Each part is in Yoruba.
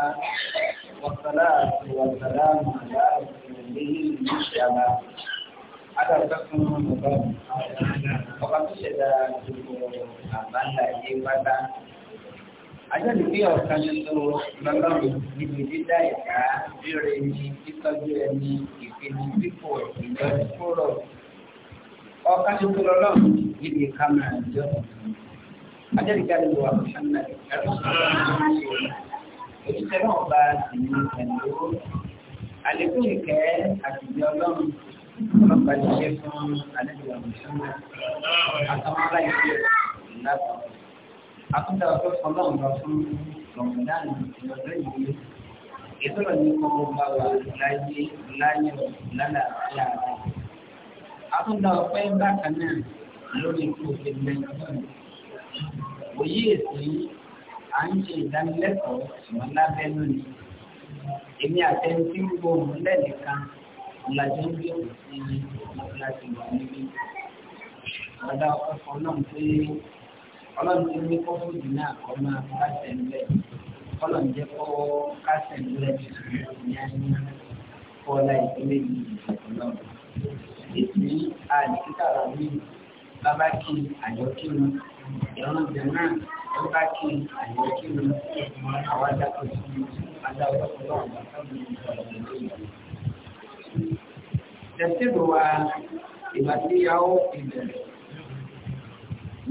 الله والصلاة والسلام على رسوله المجتبى ada ọ̀sán ọ̀gá ọba tó ṣẹ̀dá gbogbo àbáńlá yìí pátá ajọ́ni bí ọ̀kan ṣoṣo lọ́lọ́run níbi dídá ìdá rírẹ ní títọ́jú ẹni ìpinnu dípò ìlọsíkúrò ọ̀kan ṣoṣo lọ́lọ́run níbi kámẹ́rà ìjọ ajọ́ni bí alẹ́ wà fún ṣáná ẹ̀rọ sọ̀rọ̀ ní ìṣòro òṣìṣẹ́ náà bá sì ní ẹ̀lú àlékún ìkẹ́ àtìjọ ọlọ́run ọlọ́pàá ti ṣe fún àlejò àmọ̀ṣọ́nà àtàwọn aláìsí ìlàtọ̀ àtúndà ọ̀fẹ́ fọlọ́run lọ fún rọ̀mọ̀dán ìlọ́dọ̀ yìí ìtọ́lọ̀ ní kọ́ bá wà láyé láyé lálà àyàrá àtúndà ọ̀fẹ́ bákan náà lórí ìkó òfin mẹ́rin òye èsì à ń ṣe ìdánilẹ́kọ̀ọ́ ṣùgbọ́n lábẹ́ lónìí èmi àtẹni tí ń gbóhùn lẹ́ẹ̀kan ọ̀làjọ́ ń gbé òsì láti wà níbí ọ̀dà ọkọ̀ náà pé ọlọ́run ti ní kó fún ìdínà kọ́ máa kásẹ̀ ńlẹ̀ ọlọ́run jẹ́ kó kásẹ̀ ńlẹ̀ yányá kó ọlá ìpínlẹ̀ yìí ọlọ́run èsì àdìsíkàrà mi bàbá kí àjọ kí wọn ìrànlọ́jọ náà nígbà tí àyẹ̀wò kí ni àwọn adájọ́ sí adájọ́ tó wà ní tẹ̀síbù wa ìgbà tí yàwó ìbẹ̀rẹ̀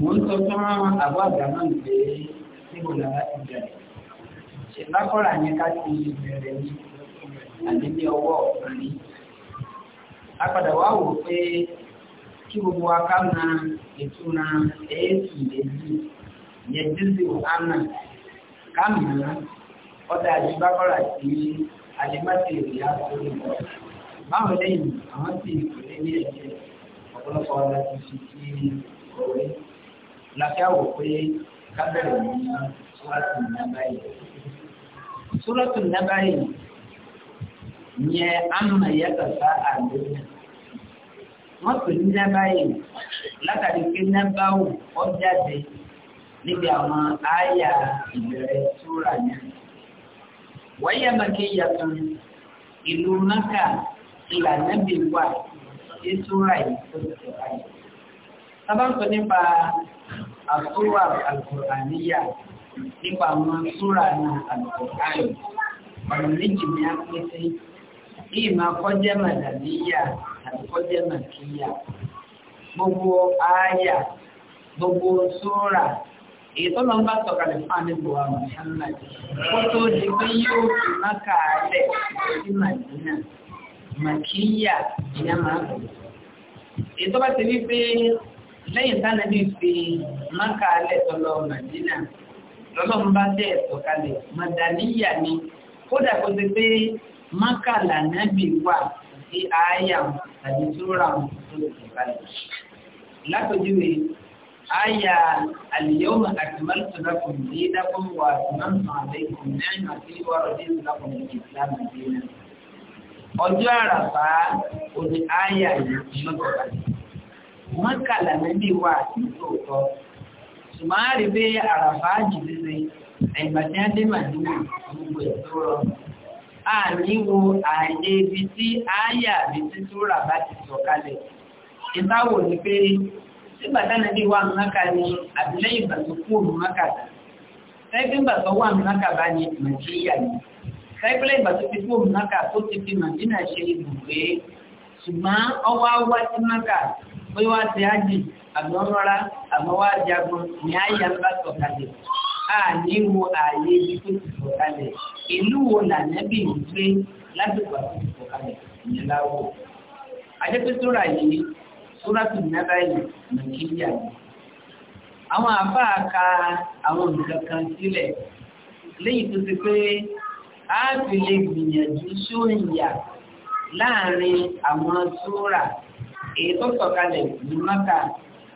mo ń sọ fún àbọ̀ àgbà náà pé níbo làwọn ti bẹ̀rẹ̀ ṣe lákọ̀ọ́rà yẹn ká ti bẹ̀rẹ̀ ní àbí ní ọwọ́ ọ̀kùnrin apàdà wá wò pé kí gbogbo wa ká na ìtura yẹ jíjù ánà kámìnà ọdá àjíbákọ́rà sí àjíbáṣe ìrìyà sórí báwọn lẹ́yìn àwọn sì ìpínlẹ̀ ní ẹ̀jẹ̀ ọ̀pọ̀lọpọ̀ ọ̀la ti ṣe sí orí lákẹ́wò pé kábẹ̀rẹ̀ ní súrátù nàbáyé súrátù nàbáyé yẹ ánà yàtọ̀ sá àgbẹ̀yẹ wọ́n pè ní nàbáyé látàrí níbi àwọn àyà ìbẹ̀rẹ̀ súra yẹn. wáyà màkìyà tún ìlú mẹ́kà ìlànà bí wà sí súra yìí tó ti báyìí. sábà ń sọ nípa àsúrà àlùkùránìyà nípa àwọn súra náà àlùkùránì ọ̀nà méjì ní a pín sí kí máa kọjá màdàbíyà àti kọjá màkìyà gbogbo àyà gbogbo súra ètò lọ bá sọ̀kalẹ̀ fún àníbò wa Muhammad kó tó di pé yóò fi máka rẹ̀ sí Madina makiya ìyá máa kù ètò bá ti wípé lẹ́yìn tánà bí fi máka rẹ̀ tọ́lọ Madina lọ́lọ́run bá dẹ̀ sọ̀kalẹ̀ madaniya ni kódà kó ti pé máka lànàbì wà sí àáyà tàbí túrà tó sọ̀kalẹ̀ látòjúwe aya al-yawma akmaltu lakum dinakum wa atmamtu alaykum ni'mati wa raditu lakum al-islam dinan ọjọ́ àràfà òní aya ìlọ́tọ̀ọ̀tà mọ́kànlá níbi wà sí tòótọ́ ṣùgbọ́n bí àràfà jìdíze àìbàtí adé màdínà gbogbo ètò rọ àníwò ààyè ibi tí aya àbí títúrà bá ti sọ̀kalẹ̀ ìbáwò ni pé nígbà táwọn ẹbí wà mọ́ká ni àbílẹ́yìn ìgbà tó kú òun mọ́ká tẹ́gbẹ́ ìgbà tó wà mọ́ká bá ní nàìjíríà ni tẹ́gbẹ́ ìgbà tó fi kú òun mọ́ká tó ti fi màdínà ṣe ibùgbé ṣùgbọ́n ọwọ́ wá sí mọ́ká pé wá ti ájì àgbọ̀nrọ́ra àmọ́ wá jagun ní àyà ń bá a ní wo ààyè tó ti sọ̀kalẹ̀ ìlú wo lànẹ́bì ń gbé lásìkò àti sọ̀kalẹ̀ ìyẹn súrátù nábà yìí nàìjíríà yìí àwọn àbá ka àwọn nǹkan kan sílẹ̀ léyìí tó ti pé a fi lè gbìyànjú sóyìnyà láàrin àwọn súrà èyí tó sọ̀kalẹ̀ ní mọ́kà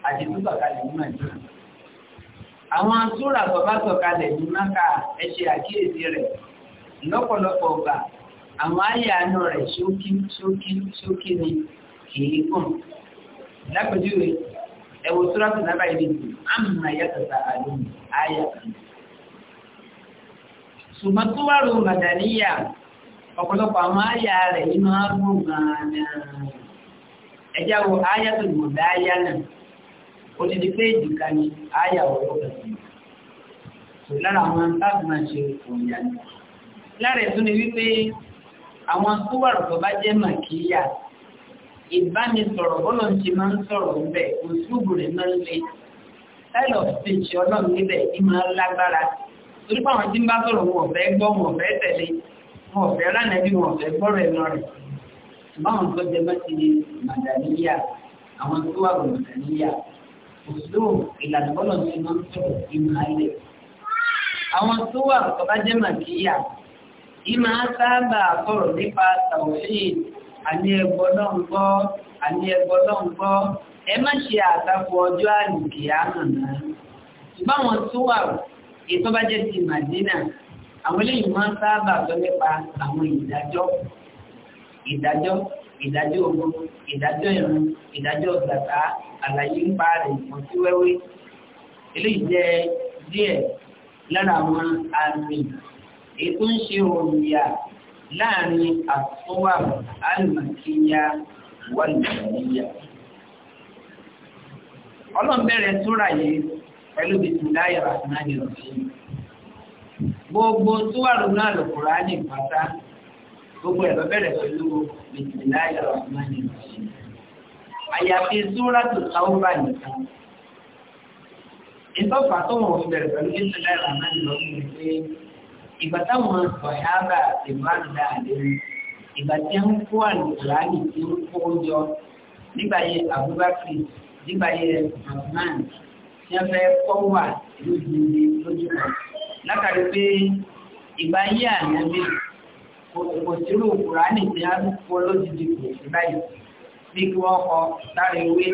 àti tó sọ̀kalẹ̀ ní màdínà àwọn súrà tó bá sọ̀kalẹ̀ ní mọ́kà ẹ ṣe àkíyèsí rẹ̀ lọ́pọ̀lọpọ̀ ọgbà àwọn àyà àánú rẹ̀ ṣókí ṣókí ṣókí ni kì í gùn lápẹjúwe ẹwọ sọ́rọ́tù lábàá ilé ìlú àmà yàtọ̀ta àlùm àyà kan ṣùgbọ́n tó wà lóun màdàníyà ọ̀pọ̀lọpọ̀ àwọn àyà rẹ̀ inú àgbọ̀n gàánà ẹjá wo àyà tó mọ̀ dáyà náà odidi péèjì kan ní àyà ọ̀rọ̀ kan sí lára àwọn láti máa ṣe òyìnbó lára ẹ̀ tún ni wípé àwọn tó wà lọ́tọ̀ bá jẹ́ màkíyà ìbánisọ̀rọ̀ bọ́lọ̀ ti máa ń sọ̀rọ̀ ńbẹ̀ òṣùgbò rẹ̀ náà lè style of speech ọlọ́run níbẹ̀ ní máa lágbára torí pé àwọn tí ń bá sọ̀rọ̀ wọn ọ̀fẹ́ gbọ́ wọn ọ̀fẹ́ tẹ̀lé wọn ọ̀fẹ́ ránàbí wọn ọ̀fẹ́ gbọ́rọ̀ ẹ̀nà rẹ̀ báwọn tó jẹ mọ́ ti màdàníyà àwọn tó wà wọ̀ màdàníyà òṣùgbò ìlànà bọ́lọ̀ ti máa ń sọ̀rọ̀ ìmọ̀lẹ̀ àwọn tó wà ọ̀bá jẹ́ màdàníyà sábà sọ̀rọ̀ nípa tàwọn àní ẹgbọ́ náà ń gbọ́ àní ẹgbọ́ náà ń gbọ́ ẹ má ṣe àtakò ọjọ́ àlùkì àmàmà ṣùgbọ́n àwọn tó wà ètò bá jẹ́ ti màdínà àwọn eléyìí máa ń sábà sọ nípa àwọn ìdájọ́ ìdájọ́ ìdájọ́ ogun ìdájọ́ ìrun ìdájọ́ gbàtà àlàyé ń pa rẹ̀ ìmọ̀ sí wẹ́wẹ́ eléyìí jẹ́ díẹ̀ lára àwọn àmì ètò ń ṣe òòyà láàrin àtúwà alìmọ̀kíyà wà nìyà. ọlọ́bẹ̀rẹ̀ súra yìí pẹ̀lú bismillahi rahmani rahim gbogbo súwàrù náà lòkùnrà ní pátá gbogbo ẹ̀rọ bẹ̀rẹ̀ pẹ̀lú bismillahi rahmani rahim àyàfi súra tó sáwọ́bà nìkan ìtọ́fà tó wọ̀n bẹ̀rẹ̀ pẹ̀lú bismillahi rahmani rahim ìgbà táwọn sọ̀hábà ti máa ń dà lórí ìgbà tí ń kó àlùkùránì tí ó kó jọ nígbà yẹn Abubakar nígbà yẹn Rahman tí wọ́n fẹ́ kọ́ wà lójúmọ́ lójúmọ́ látàrí pé ìgbà yẹn ànábì kò sírò kùránì tí wọ́n kó lójijì kò sí báyìí bí kí wọ́n kọ lára ewé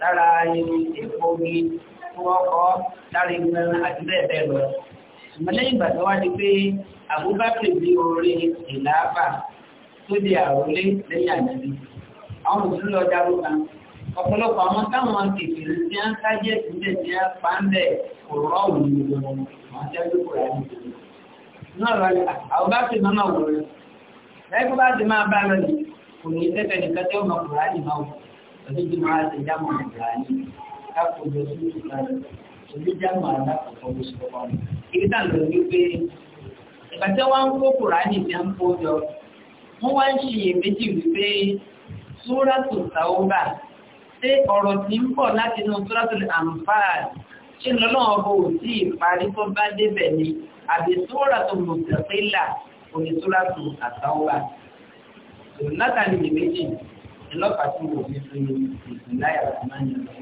lára epo omi kí wọ́n kọ lára ìgbà àti bẹ́ẹ̀ bẹ́ẹ̀ lọ lẹ́yìn ìgbà tó wá di pé Abubakar bí orí ìlàáfà tó di àrólé lẹ́yìn ànábì àwọn mùsùlùmí lọ dáró kan ọ̀pọ̀lọpọ̀ àwọn táwọn kèfèrè tí a ń sájẹ́ ìpínlẹ̀ tí a pa ń bẹ̀ kò rọ́ òun ní gbogbo wọn àwọn tí a gbé kò rà ní ìlú náà rà ní Abubakar mọ́mọ́ wò rẹ̀ lẹ́yìn bá ti máa bá lọ ní kò ní tẹ́tẹ́ ìgbà lọ wípé ìgbà tí wọ́n ń kó kùránì ní ń kó jọ wọ́n wá ń ṣiyèméjì wípé súrátù tàúbà ṣé ọ̀rọ̀ tí ń bọ̀ láti inú súrátù àǹfààd ṣe lọ́nà ọbọ̀ ò sí ìparí tó bá débẹ̀ ni àbí súrátù mùtẹ̀sílà òní súrátù àtàúbà látàrí ìméjì ìlọ́pàá tí wọ́n fi fi ìsìnláyà àti máa ń yàtọ̀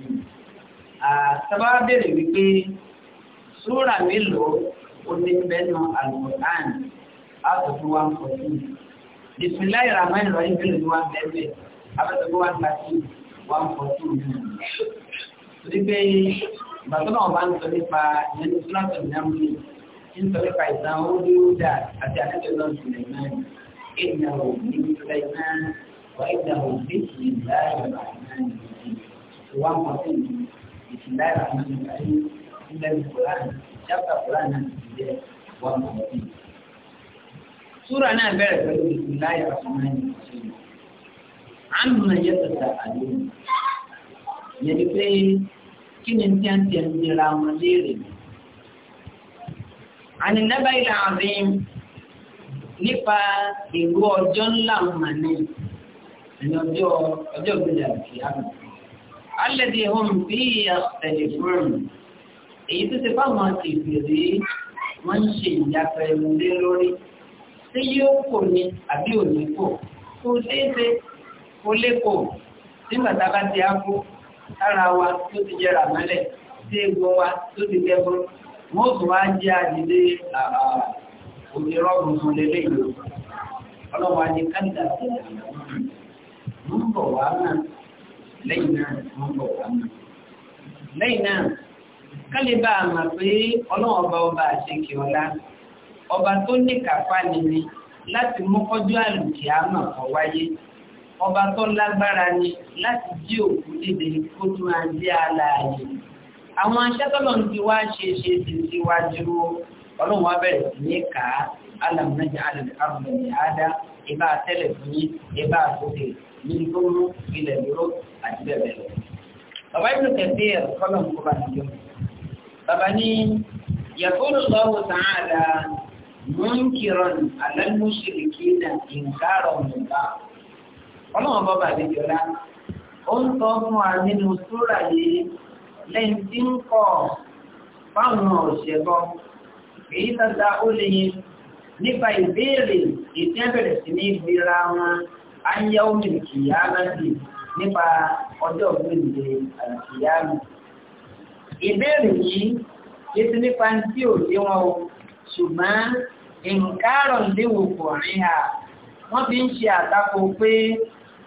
súrà mélòó omi bẹ́nu Al-Qur'an àtọ̀tù wa ń pọ̀ sí. Bismillahir Rahmanir Rahim bẹ́ẹ̀ ni wọ́n bẹ́ẹ̀ abẹ́tọ̀tù wa ń pọ̀ sí wọ́n pọ̀ sí òun. Torí pé ìgbàsọ́nà ọba ń sọ nípa ẹni sílọ́ọ̀tì ìdámúlẹ̀ ń sọ nípa ìtàn orí ọjà àti àtẹ̀tẹ̀ náà sílẹ̀ náà ìgbà òbí sílẹ̀ náà wà ìgbà òbí sílẹ̀ náà wà ìgbà òbí sílẹ̀ náà ilẹ̀ Kùránì ṣáfà Kùránì náà ti jẹ́ wà mọ̀lẹ́bí. Súra náà bẹ̀rẹ̀ pẹ̀lú ìpínláyà ọ̀sánmáyà ìṣẹ̀lẹ̀. Àánú náà yẹ tẹ̀sà àdéhùn. Yẹ ni pé kí ni tí a ń tẹ̀ nira wọn léèrè? Àní nábà ilẹ̀ ààrin nípa ìlú ọjọ́ ńlá wọn ní ọjọ́ ìgbéyàwó kìí àná. Alẹ́ di hom bí ẹ̀sẹ̀ lè fún mi èyí tó ti fáwọn kèfèrè wọ́n ń ṣe ìyàtọ̀ ẹ̀mù lé lórí tí yóò kò ní àbí òní kò kò léèṣe kò lékò nígbà tá a bá ti ákú ara wa tó ti jẹrà mọ́lẹ̀ tí egbò wa tó ti gẹ́gbó wọ́n tó wá jẹ́ àdìdé òní rọ́gùn fún lélẹ̀ yìí ọlọ́wọ́ adé kánìkà sí ń bọ̀ wá náà lẹ́yìn náà ń bọ̀ wá náà lẹ́yìn náà kálíbà àmà pé ọlọ́run ọba ọba àṣekè ọ̀la ọba tó ní kápá nìyí láti mọ́kọ́jú àlùkì àmà kọ̀ wáyé ọba tó lágbára ni láti jí òkú dìde kó tún máa jẹ́ aláàyè àwọn aṣẹ́tọ́lọ̀ ń ti wá ṣe ṣe ti síwájú ọlọ́run wá bẹ̀rẹ̀ sí ní kà á alàmúnájà alàmúnájà àdá ìbá tẹ́lẹ̀ fún yín ìbá àkókè yìí tó mú ilẹ̀ dúró àti bẹ́ẹ̀ bẹ́ẹ̀ lọ. bàbá ìlú kẹfì ẹ̀ kọ́lọ̀ ń kó bá nìyẹn bàbá ní yàkóró lọ́wọ́ sàádà múnkìrọ̀n alálùmúṣìlìkì náà ìǹkárọ̀ nígbà ọlọ́wọ́n bọ́ bàbá ìjọra ó ń tọ́ fún wa nínú súrà yìí lẹ́yìn tí ń kọ̀ fáwọn òṣèbọ èyí tata ó lè yin nípa ìbéèrè ìtẹ́ sí ní ìgbéra wọn á ń yá omi kìyàmẹ́sì nípa ọjọ́ ògbéǹde àti kìyàmẹ́sì ìbéèrè yìí yé ti nípa tí ò lé wọn o ṣùgbọ́n nǹkárọ̀ léwò kò rí ha wọ́n fi ń ṣe àtakò pé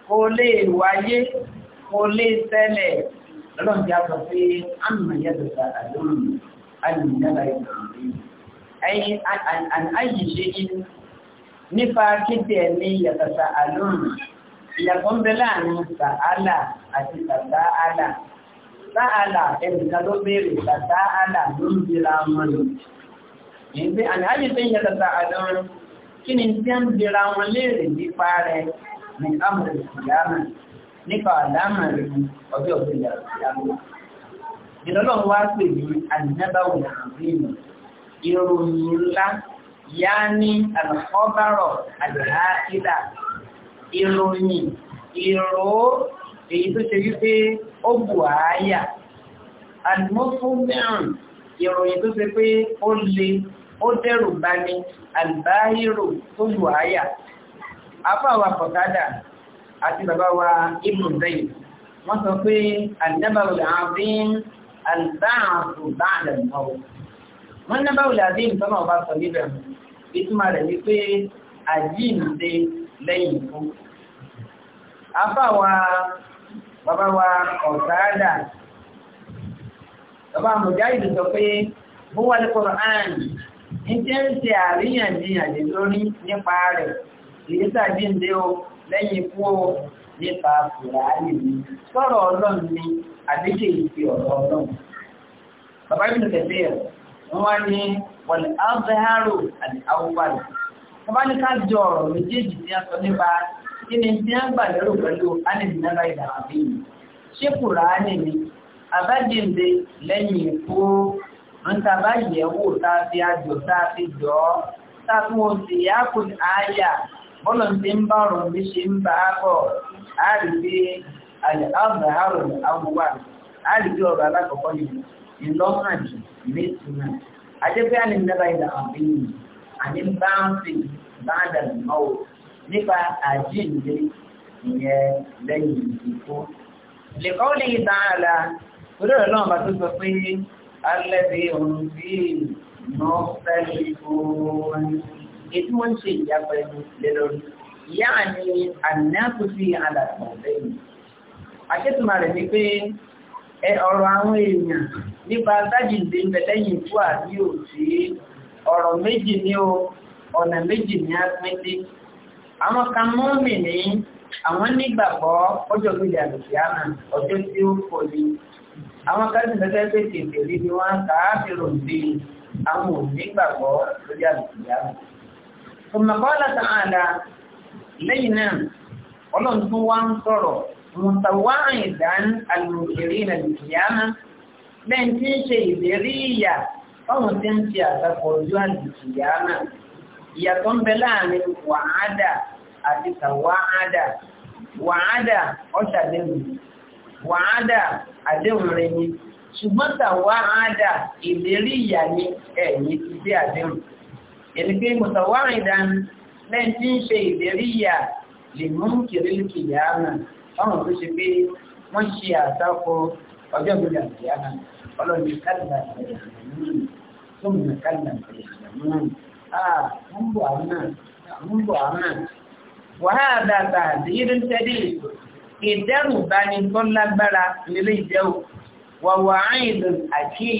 kò lè wáyé kò lè ṣẹlẹ̀ lọ́dọ̀ ti a sọ pé àmì yàtọ̀ sí àdéhùn àyìnbára ìgbàlódé ẹyin àyìnṣe yìí nípa kéde ẹ̀mí yàtọ̀ sí ìyàtọ̀ ń bẹ láàrin sàálà àti sàálà. sáàlà ẹnìkan ló béèrè sáàlà ló ń bèèrè wọn lò nígbé àníhájì tó ń yẹ tata àdán kí ni tí ń bèèrè wọn léèrè nípa rẹ̀ ní amòrè ìyáàmà nípa àdámà rẹ̀ ọjọ́ òbílẹ ìyáàmà ìdọ́lọ́ wa pè ní àníhábáwò èyí tó ṣe wípé ó bù ááyà àdìmọ́fúnmẹ́rùn ìròyìn tó ṣe pé ó le ó dẹ́rù bani àlùbáhírò tó bù ááyà afáwa kọ̀tádà àti bàbá wa ibnu zayd wọ́n sọ pé àdábàwò làbín àlùbáàrùn báàdà náà wọ́n bàbá wa ọ̀gáàdà bàbá mùjáìdì sọ pé bó wà ní Qur'an ń jẹ́ ń ṣe àríyànjiyàn lè lórí nípa rẹ̀ èyí sàdíǹde o lẹ́yìn ikú o nípa Kùránì ni sọ̀rọ̀ ọlọ́run ni àdéjì ìfi ọ̀rọ̀ ọlọ́run bàbá ìbìnú kẹfẹ́ ẹ̀ wọ́n ní wọ̀lẹ̀ alzheimer àti kí ni tí a gbà lérò pẹ̀lú anìdínára ìdàrà bí i ṣé Kùránì ni àbájínde lẹ́yìn ikú ń tàbá yẹ̀wò tàbí àjò tàbí jọ tàbí wọn sì yá kò áyà bọ́lọ̀ tí ń bá ọ̀rọ̀ bí ṣe ń bá bọ̀ àrígbé àlẹ́ọ̀bẹ̀hárùn àwùwà àrígbé ọ̀rọ̀ alákọ̀ọ́kọ́ ni ìlọ́kàn jù mẹ́tùnà àjẹ́pẹ́ àlẹ́mìnára ìdàrà bí i àní bá ń fi bá dàrú náà nípa àjíǹde ìyẹn lẹ́yìn ìdìbò. Lèkọ́ lè dá ara, olóòrò náà bá tó sọ pé alẹ́bí òun bí ìmọ̀ fẹ́lẹ̀ òun. Ètí wọ́n ń ṣe ìyapa ẹnu lé lórí. Ìyá ni àníyàtò sí alàtọ̀ lẹ́yìn. Àṣẹ́tùmọ̀ rẹ̀ ni ọ̀rọ̀ àwọn èèyàn nípa sájìǹde ń bẹ lẹ́yìn ikú àbí ọ̀rọ̀ méjì ní ọ̀nà méjì ní á àwọn kan mọ́mì ní àwọn nígbàgbọ́ ọjọ́ gbèdé àlùfíàmà ọjọ́ tí ó fò ní àwọn kan sì fẹ́fẹ́ pé tètè rí ni wọ́n káàbìrò sí àwọn onígbàgbọ́ lórí àlùfíàmà. ọmọkọ́lá tààlà lẹ́yìn náà ọlọ́run tún wá ń sọ̀rọ̀ ìyàtọ̀ ń bẹ láàrin wàhádà àti tàwàhádà wàhádà ọ̀ṣàdéhùn wàhádà àdéhùn rẹ ni ṣùgbọ́n tàwàhádà ìlérí ìyà ni ẹ̀yìn ti dé àdéhùn ẹni pé mùtàwàhádà lẹ́yìn tí ń ṣe ìlérí ìyà lè mú kìrìlìkì yàrá fáwọn tó ṣe pé wọ́n ṣe àtakò ọjọ́ ìgbìyà yàrá ọlọ́run kálíbà ìgbìyà mú wàhálà tààdì yìí ń tẹ́lẹ̀ ìdẹ́rù bá ní tó lágbára nílé ìdẹ́rù wàwà àìdù àkí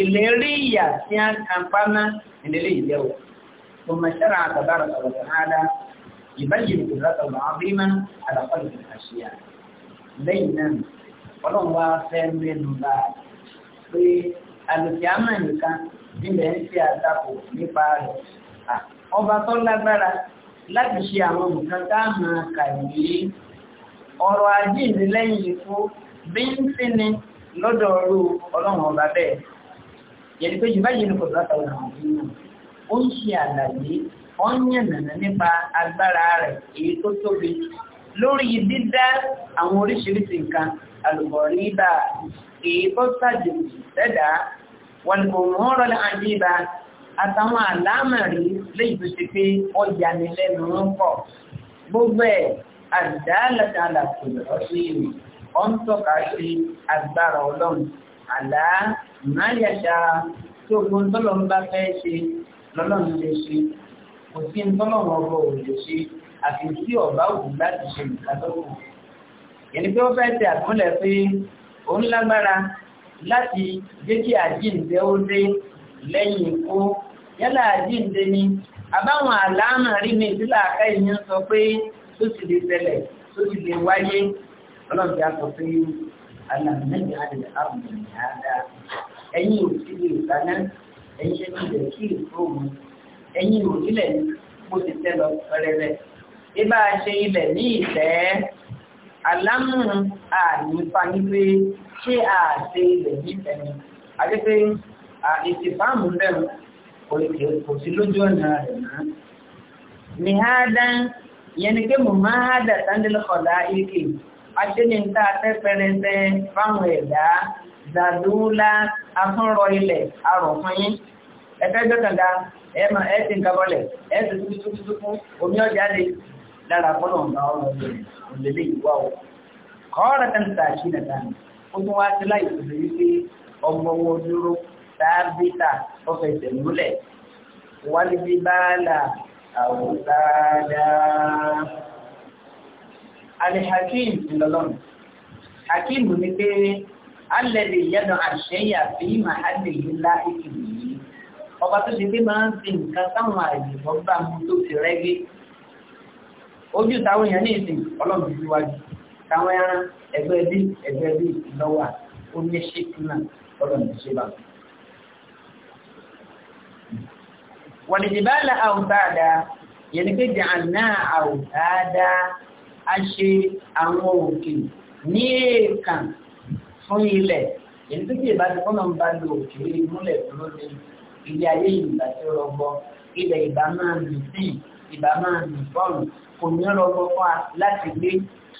ìlérí ìyà tí a kàmpáná nílé ìdẹ́rù tó mẹ́ṣẹ́ra àtàbára sọ̀rọ̀sọ̀rọ̀ ìbáyìí ìrọ̀tọ̀ ma'ọ́bímá àlùkìámà nìkan nílẹ̀ ń ṣe àtakò nípa rẹ̀ ọba tó lágbára láti ṣe àwọn nǹkan tá a máa kà yìí ọrọ̀ ajíǹde lẹ́yìn ikú bí ń sí ni lọ́dọ̀ ọrú ọlọ́run ọba bẹ́ẹ̀ yẹni pé yorùbá yìí ni kò lọ́ta ọ̀nà òbí náà ó ń ṣe àlàyé ó ń yànnàná nípa agbára rẹ̀ èyí tó tóbi lórí dídá àwọn oríṣiríṣi nǹkan àlùbọ̀rí bá a èyí tó sàjèjì sẹ́dá wọn kò mọ́rọ̀ ní àjíbá àtàwọn àlámàrí léyìí tó ṣe pé ọjà ní lẹ́nu ń pọ̀ gbogbo ẹ̀ àdálàdàlà kò lọ sí ìrìn ọ ń tọ́ka sí agbára ọlọ́run àlá máyàṣá tí ogun tọ́lọ̀ ń bá fẹ́ ṣe lọ́lọ́run lè ṣe kò sí ń tọ́lọ̀ ò lè ṣe àfi tí ọ̀bá wù láti ṣe nǹkan tó wù. pé ó fẹ́ ṣe àkúnlẹ̀ pé ó ń lágbára láti jẹ́ kí àjíǹde ó dé lẹ́yìn ikú yálà àjíǹde ni àbáwọn àlànà rí mi tí làákà ìyẹn sọ pé tó sì lè tẹ̀lẹ̀ tó sì lè wáyé ọlọ́dẹ àtọ̀ pé alàmìlẹ́yìn àdìlẹ̀ àbùdù ní àdá ẹ̀yìn òsìlè ìtaná ẹ̀yìn ṣe ti lẹ̀ kí ìfowópamọ́ ẹ̀yìn òsìlẹ̀ mo ti tẹ́ lọ pẹrẹrẹ àlámù ànípa ní pé ṣé àṣẹ ilẹ̀ nífẹ̀ẹ́ ni àti pé ìtìfáàmù bẹ̀rù kò sí lójú ọ̀nà rẹ̀ náà ni háádán yẹn ni pé mo máa hádà sándélọ́kọ̀dá ilé aṣẹ́nìta afẹ́fẹ́rẹsẹ fáwọn ẹ̀dá zàdúlá afúnrọ ilẹ̀ arọ̀fúnyín ẹ̀fẹ́ gbẹ́kànga ẹ̀mà ẹ̀sìn kabọ́lẹ̀ ẹ̀sìn tuntun tuntun omi ọjáde lára fọ́nà ọ̀gá ọ̀rọ̀ lélẹ̀ ìwà o kọ́ọ̀rọ̀ tán ta sí nàdá ni ó tún wá sí láì tòṣe wípé ọmọ owó dúró tábítà ó fẹsẹ̀ múlẹ̀ wálé bí báàlà àwòsáadá alihakim ńlọlọ́run hakim ni pé alẹ́lẹ̀ ìyẹ́dọ̀ àṣẹyà fi màhálẹ̀ yìí láìpẹ́ yìí ọba tó ti gbé máa ń fi nǹkan táwọn àìsàn bá mú tó ti rẹ́gí ojú táwọn èèyàn ní ìsìn ọlọ́run ti wájú táwọn ẹran ẹgbẹ́ bí ẹgbẹ́ bí lọ́wọ́ ó ní ṣe kúnà ọlọ́run ti ṣe bá. wọ́n ti bá la àwùtáàdá yẹn ni pé jàǹnà àwùtáàdá a ṣe àwọn òkè ní èèkàn fún ilẹ̀ yẹn ni pé kí ìbá ti fọ́nà bá lo òkè múlẹ̀ tó lóde ilé ayé ìgbà tí ó rọgbọ ilẹ̀ ìbá máa sí i ìbá máa nì fọ́ọ̀nù kò ní rọgbọ fún wa láti gbé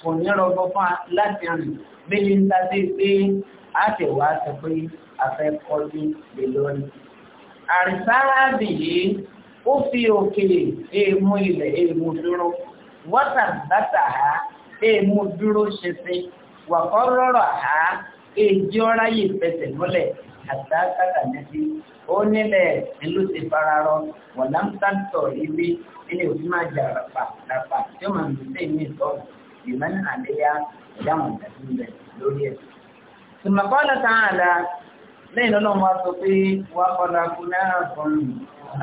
kò ní rọgbọ fún wa láti rìn méjì ń ta sí pé a ti wá sọ pé a fẹ́ kọjú lè lórí. àrísáàbì yìí ó fi òkèlè èèmú ilẹ̀ èèmú dúró wọ́tà bàtà á èèmú dúró ṣinṣin wàkọ́ rọ̀rọ̀ á èjì ọ̀ráyè fẹsẹ̀ múlẹ̀ àtàkàtà nẹ́sí ó nílẹ̀ ìlú ti fararọ wọ̀lámtàtọ̀ ibi ilé òfin máa jà ràpà ràpà tí ó máa ń gbèsè ní ìtọ́ ìmọ̀ ní àléyá ìyáwọn ìdájú rẹ̀ lórí ẹ̀. Tùmọ̀kọ́lá ta àlà lẹ́yìn lọ́nà wa sọ pé wà kọ́lá fún náírà fún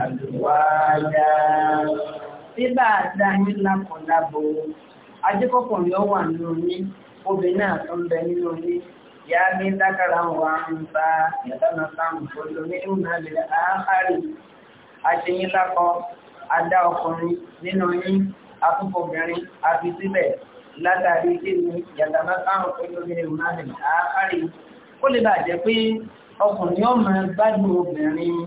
àdùwáyà. Bíbá àdá yín lákọ̀ọ́lábo, ajẹ́kọ̀ọ́kùnrin ó wà nínú yín, obìnrin náà tó ń bẹ nínú yín. يعني ذكرا وأنثى يتنسم كل منهما للآخر àṣeyín lákọ adá ọkùnrin nínú yín afúnfòbìnrin àfisílẹ̀ látàrí kíni yàtàmá táwọn olómìnir mọ́rin àákárí ó lè bà jẹ́ pé ọkùnrin ó máa gbádùn obìnrin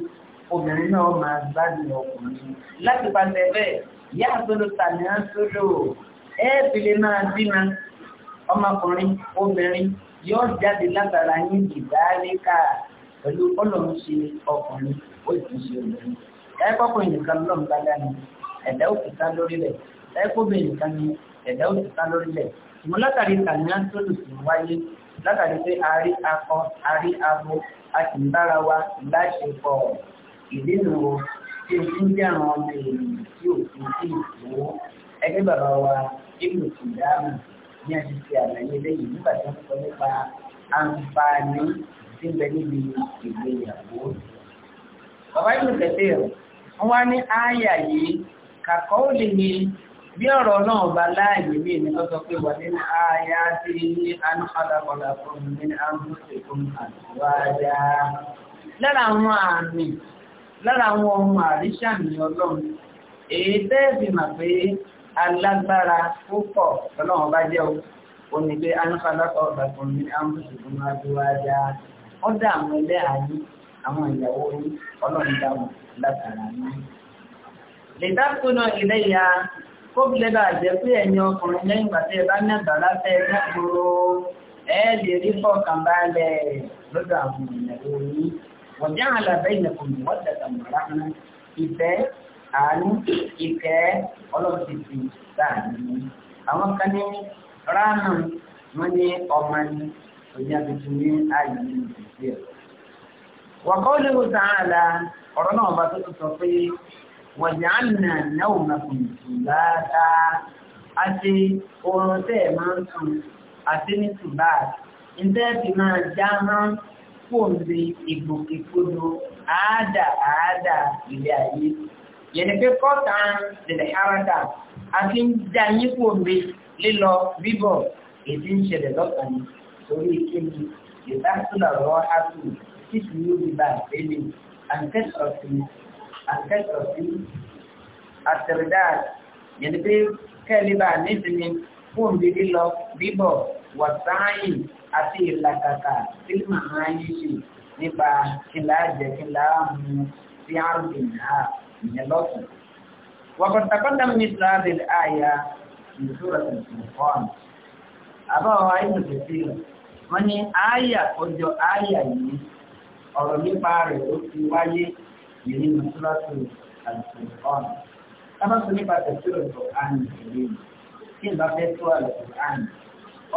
obìnrin náà máa gbádùn ọkùnrin láti pàṣẹ bẹ́ẹ̀ yá àtọ́lò tàbí àtọ́lò ẹ́ẹ̀fì lè máa bímọ ọmọkùnrin obìnrin yóò jáde látara yín ìdáríkà pẹ̀lú ọlọ́run ṣe ọkùnrin ó sì ṣe obìnrin ẹ̀ẹ́kọ́kùnrin nìkan lọ́run bá dání ẹ̀dá òkúta lórí rẹ̀ ẹ̀ẹ́kọ́bìnrin nìkan ni ẹ̀dá òkúta lórí rẹ̀ ṣùgbọ́n látàrí tàníyàn tó lù sí wáyé látàrí pé a rí akọ a rí abo a sì ń bára wa láṣepọ̀ ìdínà o tí o ti ń jẹ́ràn ọmọ ènìyàn tí o ti ń sí ní a ti ṣe àlàyé lẹ́yìn nígbà tí wọ́n sọ nípa àǹfààní tí ń bẹ níbi ìgbéyàwó. Bàbá yìí tẹ̀sẹ̀ rẹ̀, wọ́n wá ní ááyà yìí, kàkọ́ ó lè ní bí ọ̀rọ̀ náà bá láàyè mí ní lọ́sọ pé wà nínú ááyá tí ní anúkọ̀dàkọ̀dà fún mi ní àǹfààní fún àtúwájá. Lára àwọn àmì, lára àwọn ohun àríṣàmì ọlọ́run, èyí tẹ́ẹ̀sì mà pé alágbára púpọ̀ ọlọ́run bá jẹ́ o ní pé anáfàdákọ̀ ọ̀gbàgbọ̀n ní amúṣùgbọ́n máa bí wá já ó dá ayé àwọn ìyàwó ọlọ́run látara ní. lè ya kó bilẹ̀ bá jẹ́ pé ẹ̀yin ọkùnrin lẹ́yìn ìgbà tí ẹ bá ẹ lè rí fọkàn balẹ̀ lọ́dọ̀ àwọn ìyàwó wọ́n jẹ́ àlàbẹ́ àánú ìkẹ́ ọlọ́sìtì sáàánú àwọn kan ní ránà wọn ní ọmọ ní ọjà tuntun ní ààyè ìgbésí ẹ̀. wàkọ́lé wùtà àlà ọ̀rọ̀ náà bá tó sọ pé wọ̀jà ń nà náà màkùn tùbáàtà àti oorun tẹ́ ẹ̀ máa ń sùn àti ní tùbáàtà ǹjẹ́ ti máa já hán fòǹde ìgbòkègbodò àádà àádà ilé ayé yẹn ni pé kọ́ta lè harada a ti ń dá yípo mi lílọ bíbọ̀ èdè ń ṣẹlẹ̀ lọ́kàn torí ìkéde yorùbá sílẹ̀ lọ́wọ́ àtù tí kì í rí bá àgbélé àǹkẹ́sọ̀sí àǹkẹ́sọ̀sí àtẹ̀rẹ̀dá yẹn pé kẹ́lẹ́bà nísìnyí fún mi lílọ bíbọ̀ wọ̀sáàyè àti ìlàkàkà tí màá yí ṣe nípa kí láàjẹ kí láàmú sí àrùn ìnáà ìyẹn lọ́sùn wàkọ̀tàkọ́tà mínísítà àbẹ̀lẹ̀ àyà ìṣúra ìṣùnkọ́n àbáwọ̀ àìsàn kẹsì wọn ni àyà ọjọ́ àyà yìí ọ̀rọ̀ ni rẹ̀ ó ti wáyé yìí nínú ìṣúra ìṣùnkọ́n tábà tó nípa Quran ìṣùnkọ́n ìṣẹ̀lẹ̀ kí n bá fẹ́ tó àlùkùrán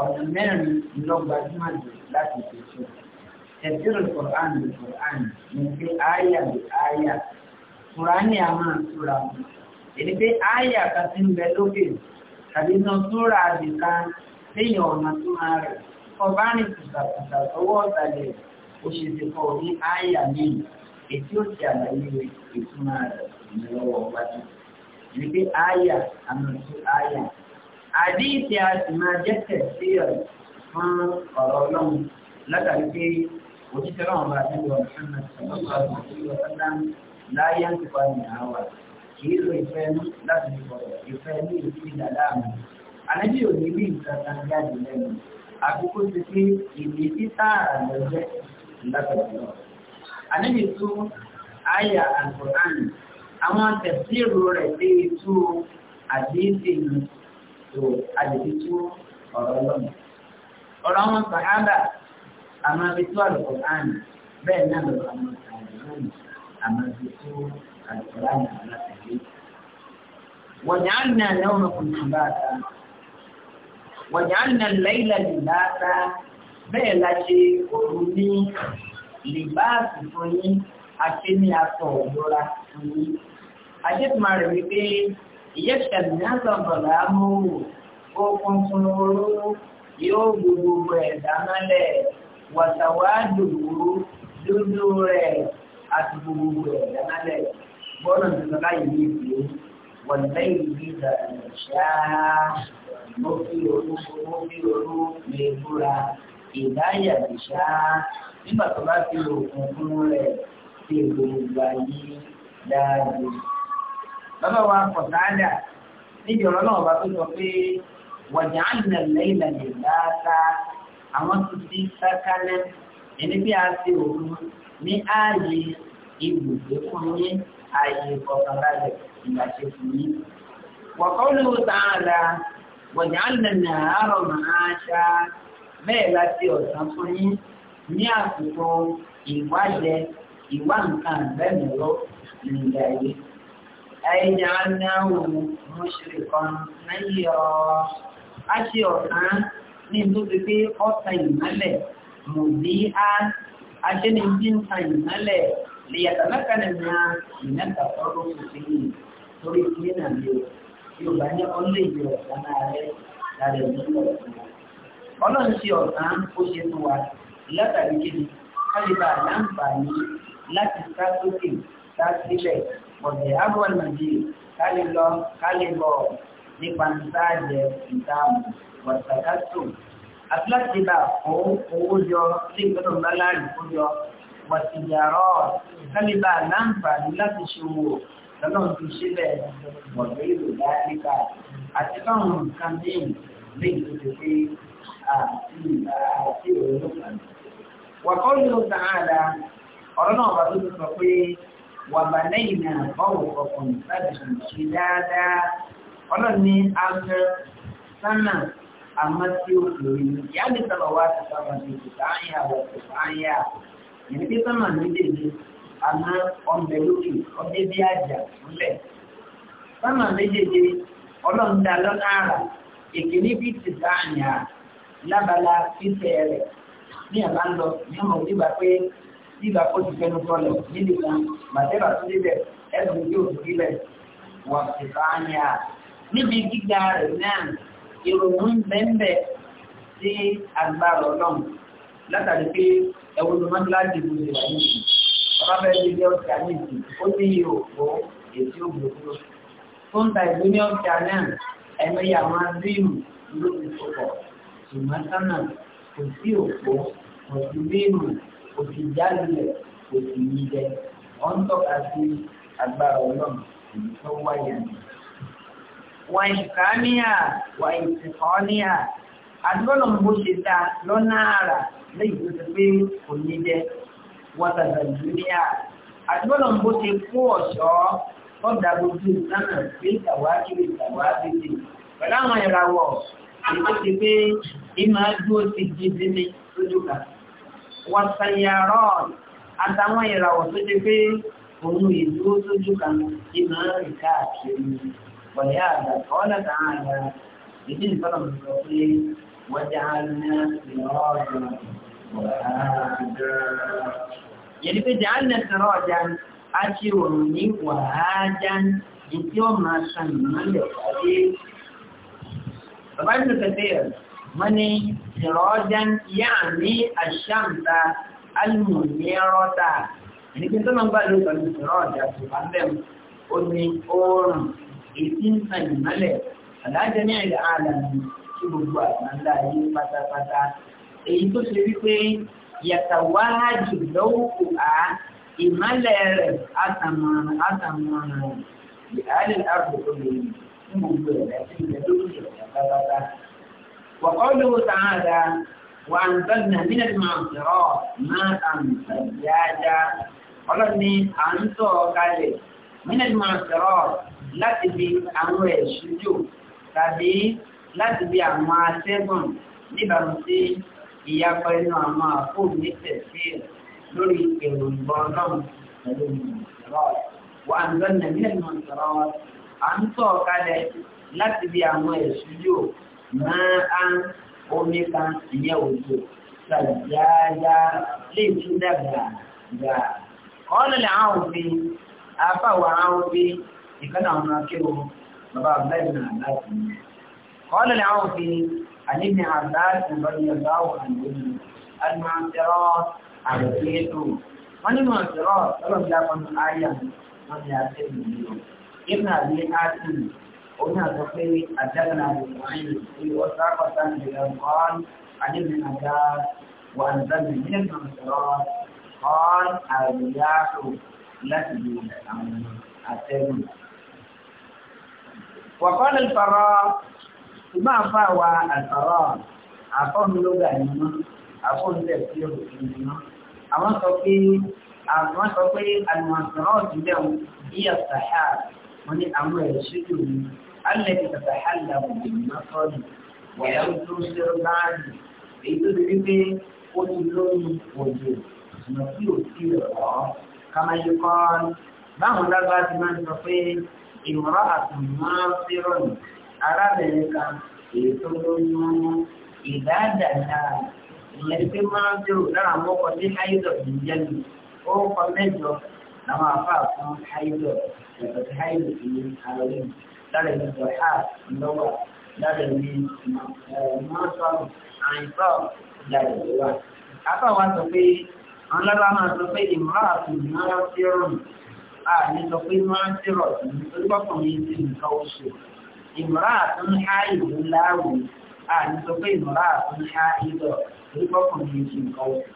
ọ̀nà mẹ́rin lọ́gbàdúmọ̀ láti tẹ̀síọ̀ tẹ̀síọ̀ ìṣùnkọ́n ìṣùnkọ́n ní pé àyà Kùránì a máa túra mọ̀. Èdè pé áyà kan ti ń bẹ lókè tàbí iná túra àdìká léyìn ọ̀nà tó máa rẹ̀. Ọba ní kùsàkùsà sọ́wọ́ ọ̀tàlẹ̀ òṣèṣe kọ̀ ní áyà míì ètí ó ti àlàyé ìtumọ̀ rẹ̀ ìrànlọ́wọ́ wájú. Èdè pé áyà àmọ̀ sí áyà. Àdíìtì a sì máa jẹ́sẹ̀ sí ọ̀rọ̀ fún ọ̀rọ̀ ọlọ́run látàrí pé òṣìṣẹ́ ọlọ́run bá ti lọ sí láyé ń tipa ní àwà kìí lo ìfẹ́ ní láti fi bọ̀rọ̀ ìfẹ́ ní ìlú ìdàdá mi ànábì ò ní bí nǹkan kan jáde lẹ́nu àkókò ti pé ìdí títà àlọ́jẹ́ ìlàkọ̀ọ́ ànábì tún àyà àkùránì àwọn tẹ̀síìrù rẹ̀ dé tú àdéhìí tó àdéhìí tú ọ̀rọ̀ lọ́nà ọ̀rọ̀ àwọn sàhábà àwọn abitú àlùkùránì bẹ́ẹ̀ náà lọ́wọ́ àwọn sàhábà lónìí أمازلتم الكلام على تهليك وجعلنا نومكم سباتا وجعلنا الليل لباسا bẹ́ẹ̀ la ṣe òru ní lìbáàsì fún yín àti ní aṣọ òmúra fún yín ajẹ́tùmá rẹ̀ wípé ìyẹ́sẹ̀lì náà mú okun tún oró yóò gbogbo ẹ̀dá mọ́lẹ̀ wàtàwá dúdú rẹ̀ àti gbogbo rẹ̀ lálẹ́ bọ́ọ̀nà tó lọ́la yìí ní ìlú wọ́n lẹ́yìn bí ìdàgbà ṣáá mo fi òru mo fi òru lè búra ìdáyà lè ṣáá nígbà tó bá fi òògùn fún rẹ̀ sí gbogbo ayé dáadé. bàbá wa kọ̀ sáádà níbi ọ̀rọ̀ náà bá tó sọ pé wọ̀jà ń lẹ́yìn lẹ́yìn dáadáa àwọn tó sákálẹ̀ ẹni bí a ti òru ní ààyè ibùgbé fún yín ààyè ìfọ̀kànbalẹ̀ ìgbàṣẹ fún yín. wọ̀kọ́lù tààlà wọ̀nyálẹ̀nà àárọ̀ ṣá bẹ́ẹ̀ láti ọ̀sán fún yín ní àsìkò ìwájẹ ìwá nǹkan àgbẹ̀mọ̀lọ́ ìrìnlẹ̀ ayé. ẹ̀yìn anáwó mọ́ṣẹ̀rẹ̀ kan lẹ́yìn ọ̀ á ṣe ọ̀sán ní tó pé ọ̀sán ìmọ́lẹ̀ mọ̀ bí á aṣẹ́ni tí ń ta ìmọ́lẹ̀ lè yàtọ̀ lákàlẹ̀ náà ìnáta ọ̀rọ̀ òṣèlú torí kí ní nàbí o yóò bá ní ọlọ́ ìjọ ọ̀sán náà rẹ̀ lára ìlú ọ̀sán. ọlọ́run ṣe ọ̀sán ó ṣe fún wa látàrí kéde kálíbà láǹfààní láti sá sókè sá sílẹ̀ ọ̀dẹ̀ ágbọ̀n nàìjíríà kálí lọ kálí bọ̀ nípa ń sáàjẹ ìta àti láti bá fún owó yọ sí ìgbẹ́dọ̀ lálàrí kó yọ wàtìyàrọ̀ kálíbà láǹfààní láti ṣe owó lọ́nà tó ṣe bẹ́ẹ̀ wọ̀lẹ́ ìlú láfíríkà àti báwọn nǹkan míì lè tètè pé àti àti òun wàkọ́ yóò sàádà ọ̀rọ̀ náà wà tó sọ pé wà bà lẹ́yìn náà bọ́wọ̀ ọkùnrin láti ṣe dáadáa ọlọ́ni afẹ́ sánà amma siyo domin ya bi samawa ta sama ne ku ta hanya wa ku ta hanya yana bi sama ne da ne amma ọmọdé lókè ọdẹ bí àjà ńlẹ sama méjèèjì ọlọ́ọ̀dà lọ́nà àrà èkìní bí ti ta hanya lábala fífẹ́ rẹ̀ ní àbá ń lọ ní ọmọ òdìgbà pé nígbà kó ti fẹnu sọlẹ̀ níbi kan bàtẹ́bà tó débẹ̀ ẹ̀sùn yóò sílẹ̀ wọ̀ ti ta hanya níbi gíga rẹ̀ náà ìrònú mẹ́mẹ́ sí agbára ọlọ́run látàrí pé ẹ̀wọ̀n ló máa ń láti ìlú ìwà yìí ọba bẹ́ẹ̀ ti di ọ̀sẹ̀ àmì ìsìn ó ní òkú èsì ògbókúrò tó ń ta ìlú ní ọ̀sẹ̀ náà ẹ̀mẹ́yẹ àwọn adéhùn ló ti sọ̀kọ̀ ṣùgbọ́n sánà kò sí òkú kò sí bíìmù kò sí jálulẹ̀ kò sí yíjẹ ọ̀ ń tọ́ka sí agbára ọlọ́run èyí tó wáyà nìyí wà ìkàníà wà ìtìkọ́níà àdúgbọ́nà bó ṣe ta lọ́nà àrà lẹ́yìn tó ti pé kò ní jẹ́ wọ́tàdà júníà àdúgbọ́nà bó ṣe kó ọ̀ṣọ́ ọ̀dà gbogbo ìtànà pé ìtàwá kiri ìtàwá tètè pẹ̀lú àwọn ìràwọ̀ èyí tó ti pé ìmọ̀ dúró ti gidi ní lójú kan wọ́tàyàrọ̀ àtàwọn ìràwọ̀ tó ti pé òun ìdúró sójú kan ìmọ̀ rí ولهذا قال تعالى بدين فلم تستطيع وجعلنا سراجا يعني وهاجا يعني فجعلنا سراجا أشيروني وهاجا يتيوم ما شان من يقضي طبعا كثير مني سراجا يعني الشمس المنيرة يعني كنت من بعد يتعلم سراجا في عندهم أني أورم èyí ń tan ìmọ́lẹ̀ àlájẹ ní ẹ̀rẹ̀ ààlà ní tí gbogbo àgbàńlá yìí pátápátá èyí tó ṣe wípé yàtàwájú lọ́wọ́ à ìmọ́lẹ̀ rẹ̀ àtàmọ̀ràn àtàmọ̀ràn ìhálẹ̀ àbùkù lè fún gbogbo ẹ̀rẹ̀ tí ilẹ̀ lókè pátápátá. وقوله تعالى وأنزلنا من المعصرات ماء ثجاجا ọlọ́ni à ń sọ kalẹ̀ من المعصرات láti bí àwọn ẹ̀ṣújò tàbí láti bí àwọn atẹ́gùn níbàmú sí ìyapa inú àwọn àpò nítẹ̀sí lórí èròǹgbà ọlọ́run pẹ̀lú ìmọ̀sọ̀rọ̀ wà ń lọ́nà nílẹ̀ ìmọ̀sọ̀rọ̀ à ń tọ̀ kalẹ̀ láti bí àwọn ẹ̀ṣújò máa ń omi kan ìyẹn òjò sàjáyá lè tún dàgbà gbà. قال العوثي عن ابن عباس رضي الله عن المعصرات على سيئتو من المعصرات ولم يكن آية من يأتيب الجيو ابن أبي حاتم ابن الزخي أدبنا بسرعين في وصاقة تنجل قال عن ابن عبدالك وأنزل من المعصرات قال أبي ياسو لا تجيب وقال الفراء ما فاوى الفراء àfọ́nù ló gbà nínú àfọ́nù lẹ̀ sí òkè nínú àwọn sọ pé àwọn sọ pé àlùmọ̀sánà ìbílẹ̀ bí àtàhà wọn ní àwọn ẹ̀ṣújù ní alẹ́ ti tàtàhà làwọn ènìyàn sọ́ọ̀nù wọ̀yà ń tún sí báàlì èyí tó ti ìmọ̀ràn àtùmọ̀ fíràn arábìnrin kan èyí tó lóyún ìdáàdàdà ìyẹn pé máa ń dèrò lára àwọn ọkọ̀ tí háìdọ̀ ti jẹ́ mi ó kọ mẹ́jọ làwọn àfáà fún háìdọ̀ yàtọ̀ sí háìdọ̀ sí àlọ́lẹ́ lára ìlú dọ̀há lọ́wọ́ lára ìlú mọ́tò àìsọ̀ lára ìlú wa. afáà wa sọ pé àwọn lábàá máa sọ pé ìmọ̀ràn àtùmọ̀ fíràn àní sọ pé máa ń tẹ̀rọ̀ sí orípọ̀kùnrin ti nǹkan oṣù ìmọ̀ra àtún há ìlú láàrù àní sọ pé ìmọ̀ra àtún há ìlọ orípọ̀kùnrin ti nǹkan oṣù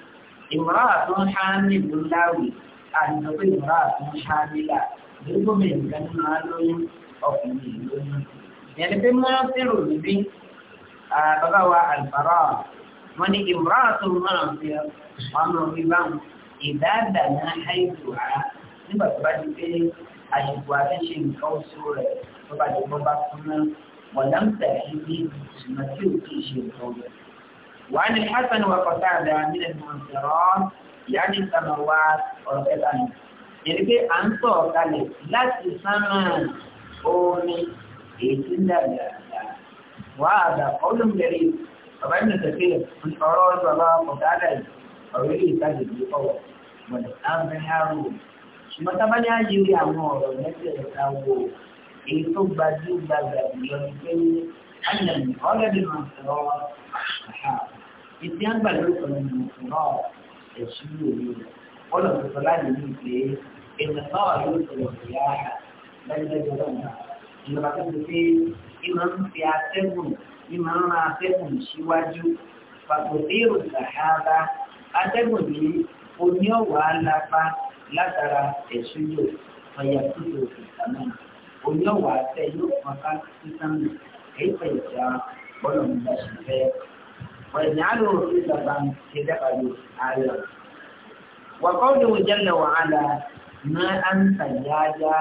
ìmọ̀ra àtún há nílùú láàrù àní sọ pé ìmọ̀ra àtún há nílà lórí nǹkan ní máa lóyún ọkùnrin lóyún ìyẹn pé máa ń tẹ̀rọ̀ níbí bàbá wa àlùbárà wọn ni ìmọ̀ra àtún máa ń fi ọmọ mi báwọn ìdáàdà náà háìtù nígbà tó bá di pé àyẹ̀wò àtẹ̀ṣe nǹkan oṣù rẹ̀ tó bá di wọ́n bá fún náà wọ̀nà ń tẹ̀lé ní ìṣúná tí ò kí ṣe nǹkan rẹ̀. wàá ní hasan wà kọ́tà àdá nílẹ̀ mọ̀ọ́sẹ̀rọ̀ ìyá ní sàmà wá ọ̀rọ̀ kẹta nù. yẹ̀rì pé à ń sọ̀ kalẹ̀ láti sánmà omi èyí ń dàbí wàá àdá ọdún gẹ̀rẹ́ bàbá ìmọ̀ tẹ̀sí ọ̀rọ̀ ọ̀rọ̀ bàbá kọ̀tà àdá yìí ọ̀rọ̀ ilé ìtajà ìdí ọ̀wọ̀ ṣùgbọ́n tá a bá ní ààyè orí àwọn ọ̀rọ̀ mẹ́tẹ̀ẹ̀ta wo èyí tó gbajúgbajà jùlọ ni pé alẹ́mì ọ̀rẹ́dì máa sọ̀rọ̀ àṣà ìdí àgbà lórúkọ ni mo sọ̀rọ̀ ẹ̀sùn lórí rẹ̀ wọ́n lọ sọ láti ní pé ènìyàn náà yóò sọ̀rọ̀ ìyá lẹ́gbẹ̀ẹ́ lọ́nà ìjọba tó ti pé ìmọ̀ ń fi atẹ́gùn ìmọ̀ ń ra atẹ́gùn síwájú pàtó dérò sàhábà atẹ́gùn ní oní alápá látara ẹ̀sùn yóò ọ̀yà tó lò ìsàmì oníwà àtẹ yóò fọn ká sísàmì èyí fẹ̀ ìjà bọ́lọ̀ nígbà tó fẹ́. wẹ̀yìn àlọ́ òfin bàbá ti dábàá lò ààrẹ. wàkọ́ọ̀dù jẹ́lẹ̀ wàhálà ní à ń tàyájá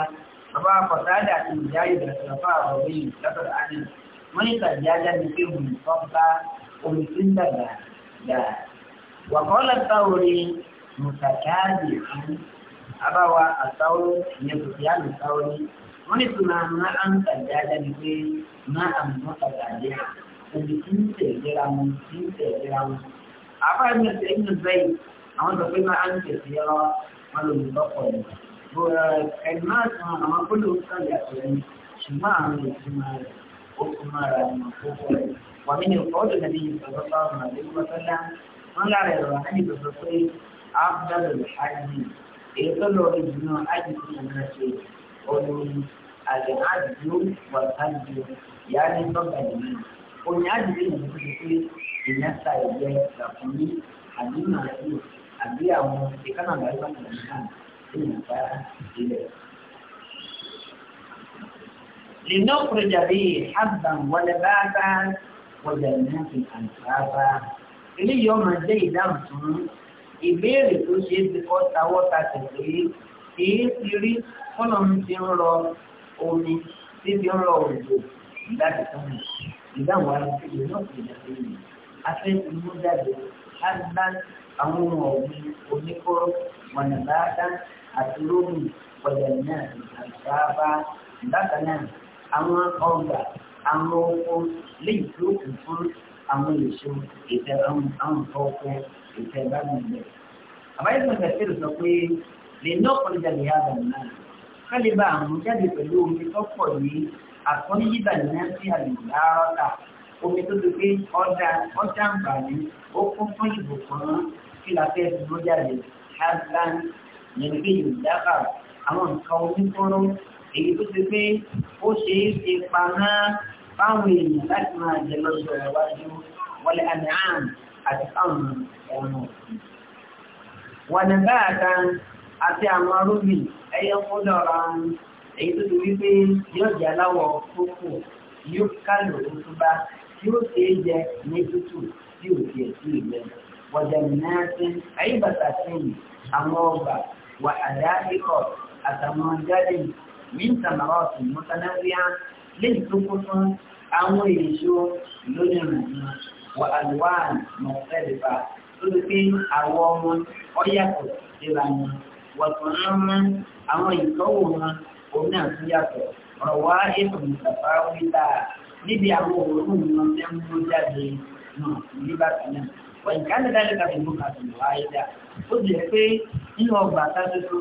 bàbá kọ̀tàdà àti ìjà ìdàgbàsọ̀fà ọ̀rẹ́ yìí lọ́tọ̀ àná wọ́n ní tàyájá ní pé òun kọ́ bá omi tí ń dàgbà dáa. wàkọ́ọ̀lẹ̀ àbáwa àtàwọn ìyẹn kò sí àmì táwọn ní wọ́n ní tuma máa ń tàjà jáde pé máa àmì wọn tàjà jẹ́ òbí tí ń tẹ̀lera wọn tí ń tẹ̀lera wọn. àbá ẹni ọ̀sẹ̀ ẹni ọ̀sẹ̀ yìí àwọn sọ pé máa ń tẹ̀lera wọn lòun lọ́pọ̀ ẹ̀. ẹ̀gbọ́n àtàwọn àwọn kóló ń sàlẹ̀ àtẹ̀lẹ́ ṣùgbọ́n àwọn ìtumọ̀ rẹ̀ ó tún máa ra àwọn àkókò rẹ̀. wà mí ni ọ̀pọ̀ ọ̀dọ̀ èyí tó lọ rí jùlọ ájìkú náà ṣe ọdún àgbẹ̀ ájìkú wà ájìkú ìyá ní tọ́ka ìlú oní ájìkú yìí ti pé ìyẹn ta ẹ̀jẹ̀ ìgbàkúnmí àbí màálù àbí àwọn ìkànnà àgbáyé wọn kàn án ìyẹn ta ìlẹ̀. لنخرج به حبا ولبابا وجنات أنفافا. إلي يوم الزيدان ìbéèrè tó ṣe é ti kọ́ tawọ́ ta tẹ̀lé èyí ti rí fọ́nà mi ti ń rọ omi tí ti ń rọ òjò láti tán mi ìdáhùn ara ti lè náà fi dà sí mi afẹ́ ti mú jáde ádá àwọn ohun ọ̀gbìn oníkóró mọ̀nàbáadá àti rómù pọ̀jà náà àgbàbá bákan náà àwọn ọgbà àwọn oko léyìí tó kù fún àwọn èso ìtẹ̀ àwọn nǹkan oko ìfẹ́ bá mi bẹ̀. àbáyé tó ń tẹ̀sí sọ pé lè ná ọ̀pọ̀lọpọ̀ jáde yá àgbà náà ká lè bá àrùn jáde pẹ̀lú omi tó pọ̀ ní àtúnyíbà náà sí àlùdáàrọ́ta omi tó ti pé ọ̀dà ọ̀dà ń bà ní ó kún fún ìbùkún fílà fẹ́ dúró jáde ṣáàbán yẹn bí ìdábà àwọn nǹkan oníkóró èyí tó ti pé ó ṣe é ṣe pamọ́ fáwọn èèyàn láti máa jẹ lọ́sọ̀rọ̀ wájú wọlé àmì àmì àti káwọn ọ̀nà wọ̀nà dáadáa àti àwọn arúgbì ẹyẹ fúnlẹ̀ ọ̀rọ̀ àrùn èyí tó ti wípé yóò jẹ́ aláwọ̀ kókò yóò kálò òtúbá yóò ṣe é jẹ ní tútù tí ò tiẹ̀ sí ìgbẹ́ wọ̀dà náà ti ayé bàtà sẹ́yìn àwọn ọgbà wà àdá ikọ̀ àtàwọn jáde ní ìtàmàrà ọ̀sìn mọ́tàlá rí tó kún fún àwọn èso lónìí rẹ̀ náà wọ àlùwáàlì mọ̀tẹ́lẹ̀fà tó ti pé àwọ̀ ọmọ ọ̀yàtọ̀ síra wọn wọ̀tún ọmọ àwọn ìtọ́wò wọn òun náà tún yàtọ̀ ọ̀rọ̀ wá ètò ìtàfà wíta níbi àwọn òórùn wọn tẹ́ ń mú jáde náà nígbà kan náà wọ́n ìkálẹ̀ dáadáa kàbí mú kàbí wá ẹ̀dá ó jẹ́ pé nínú ọgbà sátótó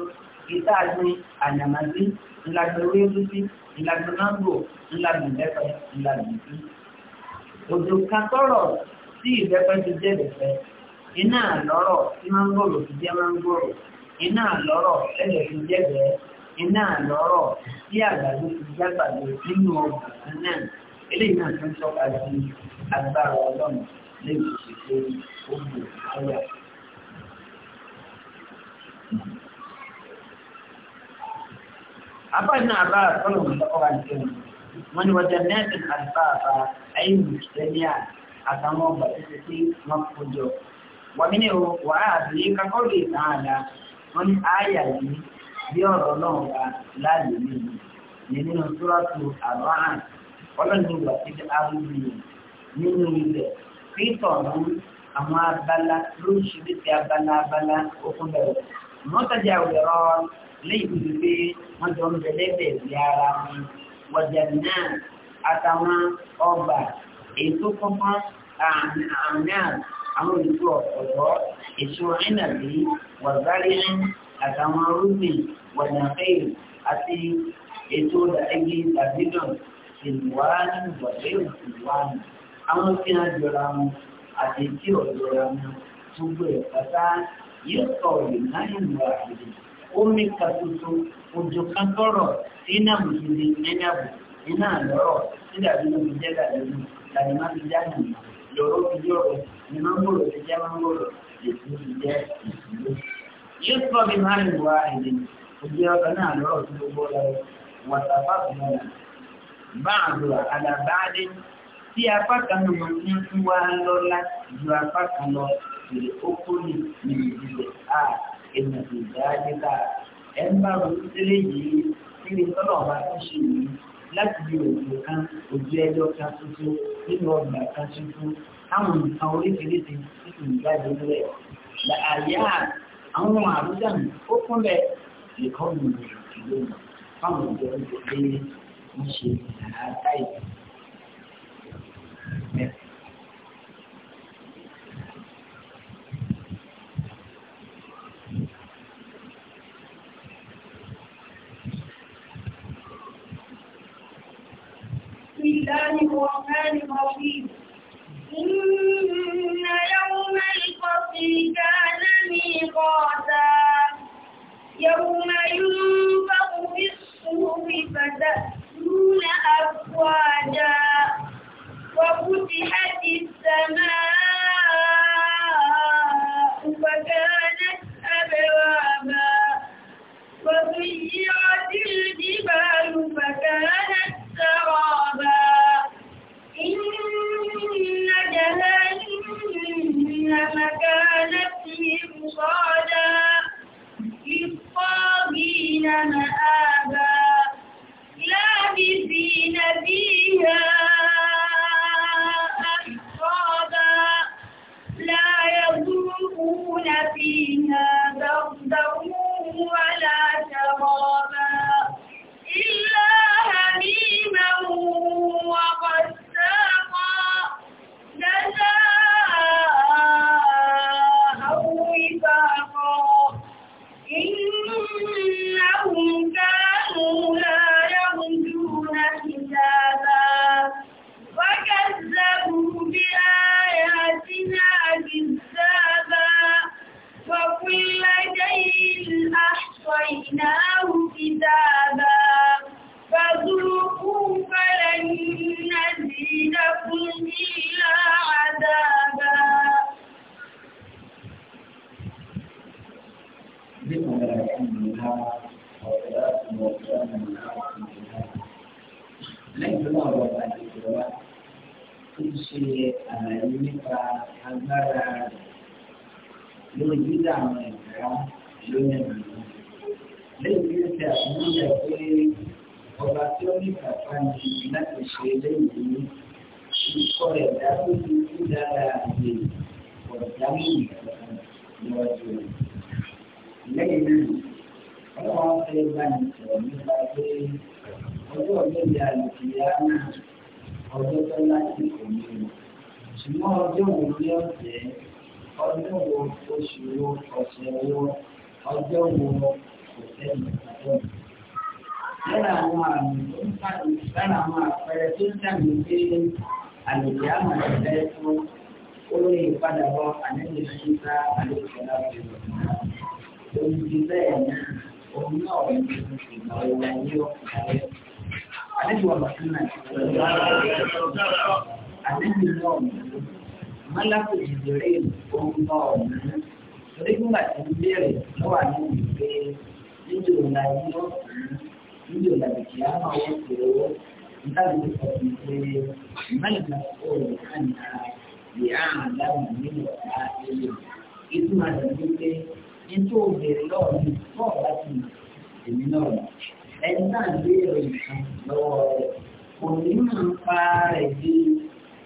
ìta àgbẹ̀ àyàmájú ńlá gbẹ̀wé lúsí ńlá gbẹ̀ máńgò ńlá gbẹ̀ lẹ́fẹ̀ẹ́ ńlá gbẹ̀ òjò kan tọrọ tí ìbẹ́pẹ́ ti jẹ́ ìbẹ́pẹ́ iná lọ́rọ̀ tí mángòrò ti jẹ́ mángòrò iná lọ́rọ̀ ẹ̀jẹ̀ ti jẹ́ bẹ́ẹ̀ iná lọ́rọ̀ tí àgbàdo ti jẹ́ àgbàdo nínú ọgbà náà eléyìí náà ti ń tọ́ka sí agbára ọlọ́run lẹ́yìn ìṣètò ogun ayà. Abáyé náà bá àtọ́nà ìṣọ́kọ́ wa jẹun wọ́n ní wọ́n jẹ́ nẹ́ẹ̀sìn àlùfáàfà ayé mùsùlùmíà àtàwọn ọgbà títí tí wọ́n kó jọ. wọ́n ní o wà á àbí kakọ́lù ìtààlà wọ́n ní àyà yìí bí ọ̀rọ̀ náà wà láàyè nìyí nínú túrọ́tù àbáhàn ọlọ́ni wà sí arúgbó nínú ilẹ̀ pítọ̀ ní àwọn abala lóríṣiríṣi abala abala okun bẹ̀rẹ̀ mọ́tàjà òyọ̀rọ̀ léyìí wípé wọ́n jọ ń bẹ̀lẹ́bẹ̀ wọ̀jẹ̀dínà àtàwọn ọgbà ètò kọ́kọ́ àmì àwọn ìlú ọ̀pọ̀lọ́ èso ìnàbí wọ̀zárírin àtàwọn rúbìn wọ̀nyàfẹ́ àti ètò ẹgbẹ́ ìgbàdídàn ìlúwàánì wọ̀lẹ́ ìlúwàánì àwọn tí a jọra wọn àti tí ò wọn gbogbo ẹ̀ pátá yóò sọ̀rọ̀ ìnáyìnbó àgbègbè omi kàtútù òjò kan tọrọ iná mùsùlùmí ẹni àbò iná àlọ́rọ̀ nígbà tí wọ́n fi jẹ́ gàdúrú tàbí má fi jáde lọ́rọ́ fi yọ̀rọ̀ ní mángòrò ti jẹ́ mángòrò ètò ti jẹ́ ìṣúlẹ̀. yóò sọ bí máa ń wá èdè òjò ọkọ̀ náà lọ́rọ̀ tó gbogbo lọ wàtàfà fúnra bá àdúrà àdàbáadé tí apá kan nù ń wá lọ́lá ju apá kan lọ èrè ó kó ní ìdílé ààrẹ. Ah ìmọ̀ ìdájíkà ẹ ń bá wọn sílé yìí níbi tọ́lọ̀ ọba tó ṣe yìí láti di òkè kan ojú ẹjọ́ kan tuntun nínú ọgbà kan tuntun táwọn nǹkan oríṣiríṣi títí ìjáde nílẹ̀ àyà àwọn àrùjàn ó kúnlẹ̀ ìkọ́nù ìlú fáwọn ìjọ ìjọba ń ṣe àádáyé. الله الرحمن الرحيم إن يوم الفصل كان ميقاتا يوم ينفق في الصور فتأتون أفواجا وفتحت السماء فكانت أبوابا وسيرت الجبال فكانت زادتهم صعدا مآبا لابثين فيها أحقابا لا يذوقون فيها بردا ولا شرابا 是呃，有那个他那个有个局长那个，有那个，那个是啥？我们那个我把小米他放进去，那个是那个，是过来咱们自己家的，我家里那个，我就那个人，他放在那里头，你把这，我做那家的，我做那里。ṣùgbọ́n ọjọ́ wo ní ọ̀sẹ̀ ọjọ́ wo oṣù wo ọ̀sẹ̀ wo ọjọ́ wo kò sẹ́yìn ọjọ́ lára àwọn àmì tó ń sàmì lára àwọn àpẹẹrẹ tó ń sàmì pé àlèkè àmọ̀ ẹ̀dá ẹ̀fọ́ ó lè padà àlejò ṣíṣá àlejò láti rẹ̀ òun ti bẹ́ẹ̀ náà òun náà ò ní ìgbà òun ní ọkùnrin rẹ̀ àlejò ọ̀bà sínú àti ìgbà òun àlejò náà mọ̀ mọ́lákò ìdòrè òun náà mọ̀ torí nígbà tí ń bẹ̀rẹ̀ lọ́wọ́ àlejò pé níjò làyé náà níjò làyé kí á máa wọ́n ti owó nígbàdí tó sọ fún pé mẹ́lìkà òòrùn kàná ìyá àdáhùn nínú ọ̀gá ilé ìtumọ̀ rẹ̀ ní pé nítorí òbèrè lọ́wọ́ ní fọ́ọ̀ láti èmi náà ẹni náà gbé ìròyìn kan lọ́wọ́ rẹ̀ òní máa pa rẹ̀ bíi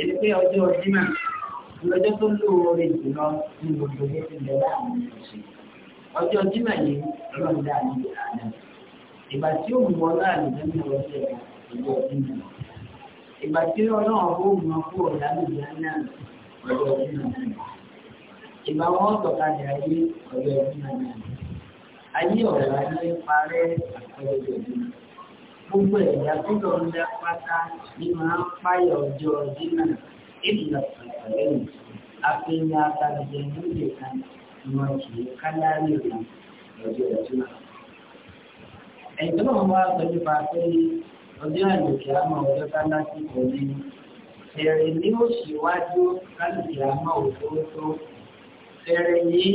ఎందుకే అవుతూ వచ్చి మ్యామ్ రజపుళ్ళు ఓడించి అవుతూ వచ్చి మళ్ళీ ఈ బస్సు ఈ బస్సులోనూ మాకు ఈ బాబో తొక్క అయ్యి అయ్యి ఒక పాడే అక్కడ gbogbo ẹ̀yà tó lọ ń lẹ pátá ní máa ń páyà ọjọ́ ọdún náà ìdùnnà pàtàkì afẹ́yìn abalẹ̀ lóde kan ìmọ̀ kìí kálárì kan lọ́jọ́ ọdún náà. ẹ̀jọ́ náà wá pẹ̀lú pàṣẹ ọjọ́ àlòkè àmọ́ ọjọ́ kálásì kò ní ẹ̀rẹ̀ ní òṣìwájú kálùkì àmọ́ òfófó ẹ̀rẹ̀ yìí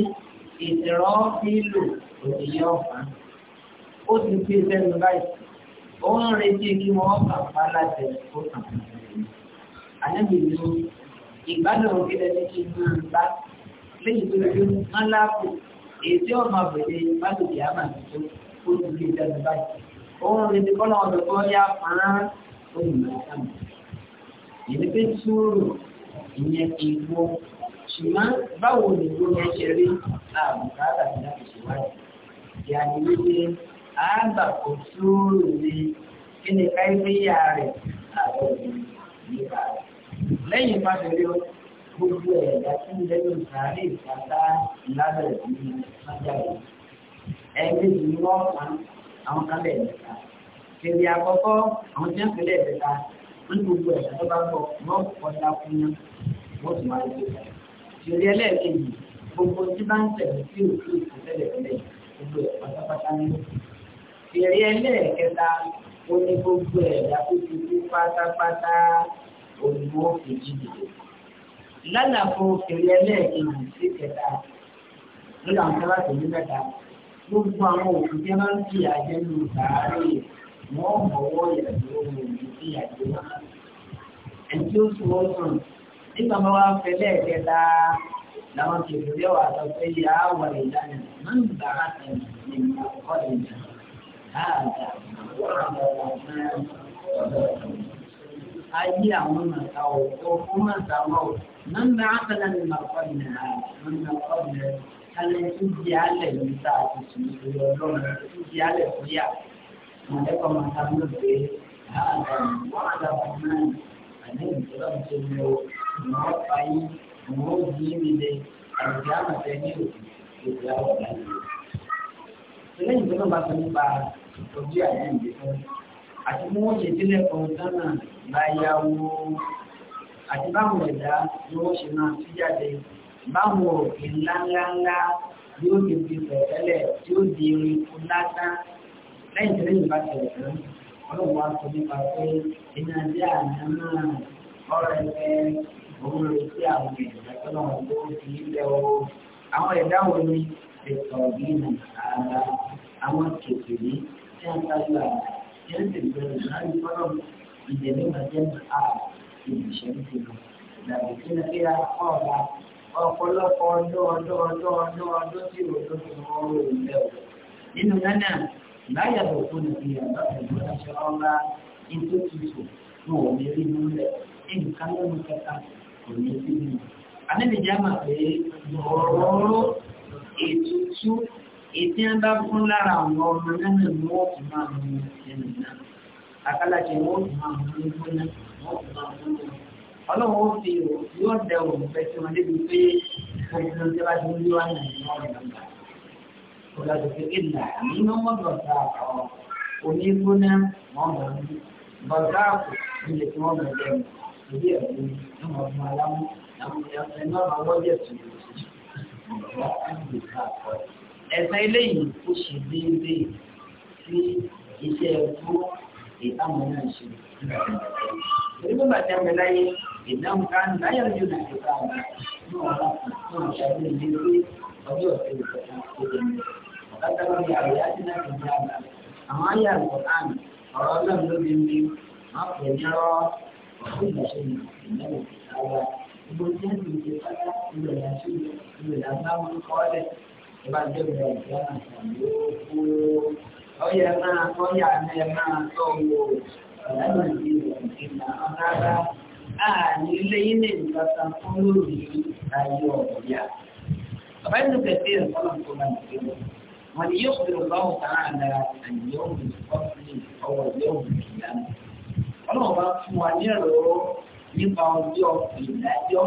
ìtẹ̀rọ̀ fílò òdìyẹ ọ̀fà ó ti gbé sẹ́nu báyìí ó ń retí kí wọ́n bàbá láti ẹ̀kọ́ kan. Àyẹ̀bí ni ìgbádùn òkèlè ní kí máa ń bá lẹ́yìn tó lójú wọn láàpù èyí tí ọmọ àbẹ̀lẹ̀ ìbádùn ìyá màá tó ó ti lè dẹnu báyìí. Ó ń retí kọ́nà ọ̀dọ̀ tó yá fún olùmọ̀ọ́sàmù. Ìdí pé túrò ìyẹn ìgbó ṣùgbọ́n báwo ni ìgbó yẹn ṣe rí àbùkátà láti Ìyá ni wípé àgbà kò sóòrò ní kí ni káìpéyà rẹ̀ àwọn ìgbà lẹ́yìn fásitì gbogbo ẹ̀dá tí ń lẹ́nu ìsàárè ìpàdá lábẹ́ ìlú sájáde ẹgbẹ́ ìlú wọn kan àwọn kan lẹ̀ mẹ́ta kèrè àkọ́kọ́ àwọn tí wọ́n fi lẹ̀ mẹ́ta wọ́n gbogbo ẹ̀dá tó bá bọ̀ wọ́n kọ́ dá fún yán wọ́n sì máa lè kèrè ẹlẹ́ẹ̀kejì gbogbo tí bá ń tẹ̀lé sí òkú ìfọ̀tẹ́lẹ̀ tẹ́lẹ̀ gbogbo ẹ̀ pátápátá ní èrè ẹlẹ́ẹ̀kẹta ó ní gbogbo ẹ̀dá tó ti kú pátápátá òyìnbó kejì dìde. lálàfo èrè ẹlẹ́ẹ̀kejì sí kẹta lórí àwọn sábà tó ní mẹ́ta gbogbo àwọn òkú tí wọ́n ń fi àjẹ́ lu sàárè wọ́n mọ̀wọ́ ìrẹ̀lẹ̀ ohun ìlú sí àjẹ́ wọn. ẹni tí ó sùn ó sùn nígbà máa wá fẹ́ lẹ́ẹ̀kẹta làwọn kèfèrè wà lọ yà á wà ìlànà máa ń gbà á tẹ̀lé هذا وعلى الرحمن أي أمنا أو أمنا أو من بعثنا من مرقدنا هذا من مرقدنا هل تجي على المساعدة يقولون تجي على الخيار ملك ما تعمل به هذا وعلى الرحمن أنهم ترمتم مرقعين مرقعين به الجامعة تنيركم ìgbéyàwó ọ̀gá yìí. Ìlẹ́yìn tó náà bá sọ nípa tọ́jú àyẹ̀yẹ̀ fún àti mú oúnjẹ sílẹ̀ kan gánà láyàwó àti báwọn ẹ̀dá ni wọ́n ṣe máa tú jáde báwọn òkè ńláńláńlá yóò di ti pẹ̀tẹ́lẹ̀ tí ó di irin fún lásán lẹ́yìn tí lẹ́yìn bá tẹ̀lé tán ọlọ́run wá sọ nípa pé iná dé àná náà ọ̀rọ̀ ẹgbẹ́ òun rẹ̀ sí àwọn ẹ̀dá tó náà ló fi ilẹ̀ o àwọn ẹ̀dá wo ni ètò ọ̀gbìn àgbà àwọn kèkèrè yan Allah yan tsibirin har farin idan majen a ìṣẹ́ntì lọ. Ìdàgbé tí wọ́n fi ọ̀la ọ̀pọ̀lọpọ̀ ọjọ́ ọjọ́ ọjọ́ ọjọ́ ọjọ́ tí ò tó fi wọ́n rò lẹ́ o. Nínú náà, láyà lọ fún ìdí àbá ẹ̀gbọ́n aṣọ ọ̀la ètò tuntun ní wọ́n lè rí inú rẹ̀. Nǹkan lẹ́nu kẹta kò ní sí nínú. Àlejò jẹ́ àmà pé ọ̀rọ̀ ètùtù ètí ń bá fún lára àwọn ọmọ náà ní wọ́n fi máa mú ẹnu náà àkàlàjẹ wọ́n fi máa mú ní gbóná wọ́n fi máa mú ní ọlọ́wọ́ fi yóò dẹ òun fẹ́ tí wọ́n débi pé gbogbo tí wọ́n ti ń yọ àná ní wọ́n fi máa mú ọlọ́dún fi ìlà nínú wọn dọ̀tà ọ̀ òní gbóná wọ́n bọ̀ ní bọ̀dá àpò ní wọ́n fi ẹ̀sán eléyìí tó ṣe déédéé sí iṣẹ́ ẹ̀kú ìtàwọn náà ṣe. Èyí tó bàjẹ́ mi láyé ìdáhùn ká ní láyé ọjọ́ náà ti ká àwọn ní ọ̀la fún ìṣàlẹ̀ ilé pé ọjọ́ ọ̀sẹ̀ ìṣẹ̀lẹ̀ tó dé. Ọ̀gáta ló ní àwòrán àti náà ti di àgbà. Àwọn ayé àgbọ̀ àmì ọ̀rọ̀ ọlọ́run ló bí mi pè ní ìbájọ́ ìjọba ìjọba yóò kú ọyẹ máa kọ́yà náà máa tọ́ wo ọ̀lànà ìdí ìrìnà ọ̀nàrà àní ilé ilé ìgbàta fún lórí ayé ọ̀yà. Bàbá ìlú kẹ̀kẹ́ ìrọ̀lọ́ tó bá nìké lọ. Wọ́n ni yóò fi ọlọ́wọ́ kan àdá àyẹ̀wò ìfọ́sílẹ̀ ọwọ́ yóò fi ìyá. Ọlọ́run bá fún wa ní ẹ̀rọ nípa ọjọ́ ìdájọ́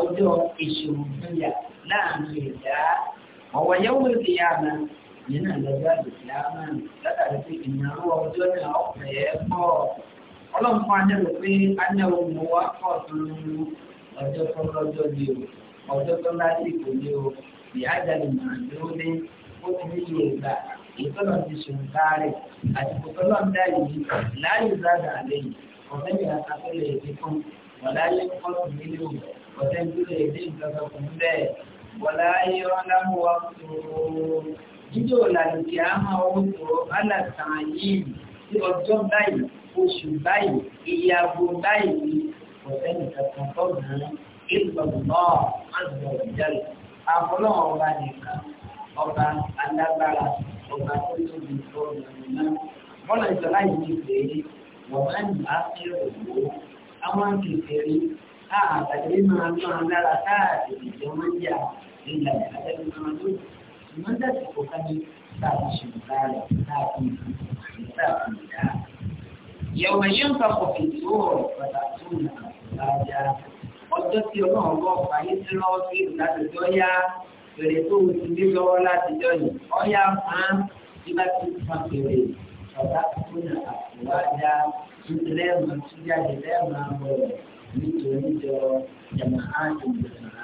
ọjọ́ ìṣòro fúnyà láàárín ìdá ọ̀wọ̀ yẹ́wò ti yá àná yìí náà lọ́jọ́ àdìsí àná látàrí pé ìnáwó ọjọ́ náà ọ̀pẹ̀ ẹ̀ pọ̀ ọlọ́run fún anáwó pé anáwó mo wá pọ̀ tó ń ọjọ́ tó lọ́jọ́ ni o ọjọ́ tó lásìkò ni o ìyáàjálè màá dúró ní ó ti ní iye ìgbà ìtọ́nà ti sùn káàrẹ̀ àsìkò tó lọ́n dá yìí láàyè ìzáàdà àlẹ́yìn ọ̀fẹ́ ní àtàkùn lè dé fún ọ̀láyé pọ́ọ̀tù nílé o ọ̀tẹ́ ń dúró èdè ìjọba fún bẹ́ẹ̀ wọ̀lá ayé ọlámú wa tòrò jíjọ làlùkì àmà owó tòrò alàtàn yìí sí ọjọ́ báyìí oṣù báyìí iye aago báyìí ọ̀sẹ́ni kankan tọ́gbọ̀n ìgbọ̀gbọ̀n náà má ń lọ ìjálè àfọlọ́wọ́n ọba nìkan ọba alágbára ọba tó tóbi ọ̀gbọ̀n àtàlẹ́ máa máa lára káàkiri ìjọ máa ń yà nígbà ìtàlẹ́ máa lò ṣùgbọ́n dàtí kò ká ní sáàbì ṣùgbọ́n rẹ̀ káàkiri ìtàkùn ìdá. yẹ̀wò yóò ń papọ̀ fìdí ó rọ̀ pàtàkì tó nà lájà ọjọ́ tí ọlọ́run bọ̀ fàyè sí lọ́wọ́ sí ìdádọ́jọ́ yá bẹ̀rẹ̀ tó o ti ní lọ́wọ́ láti jọ yìí ọ̀yà máa ń bí bá ti fa bẹ̀rẹ̀ ọ̀dà tó nà àtúwájà ń lẹ́ẹ̀mọ́ síjáde lẹ́ẹ̀mọ́ nítorí jọ jẹ̀mọ̀ áàtì ìjọba.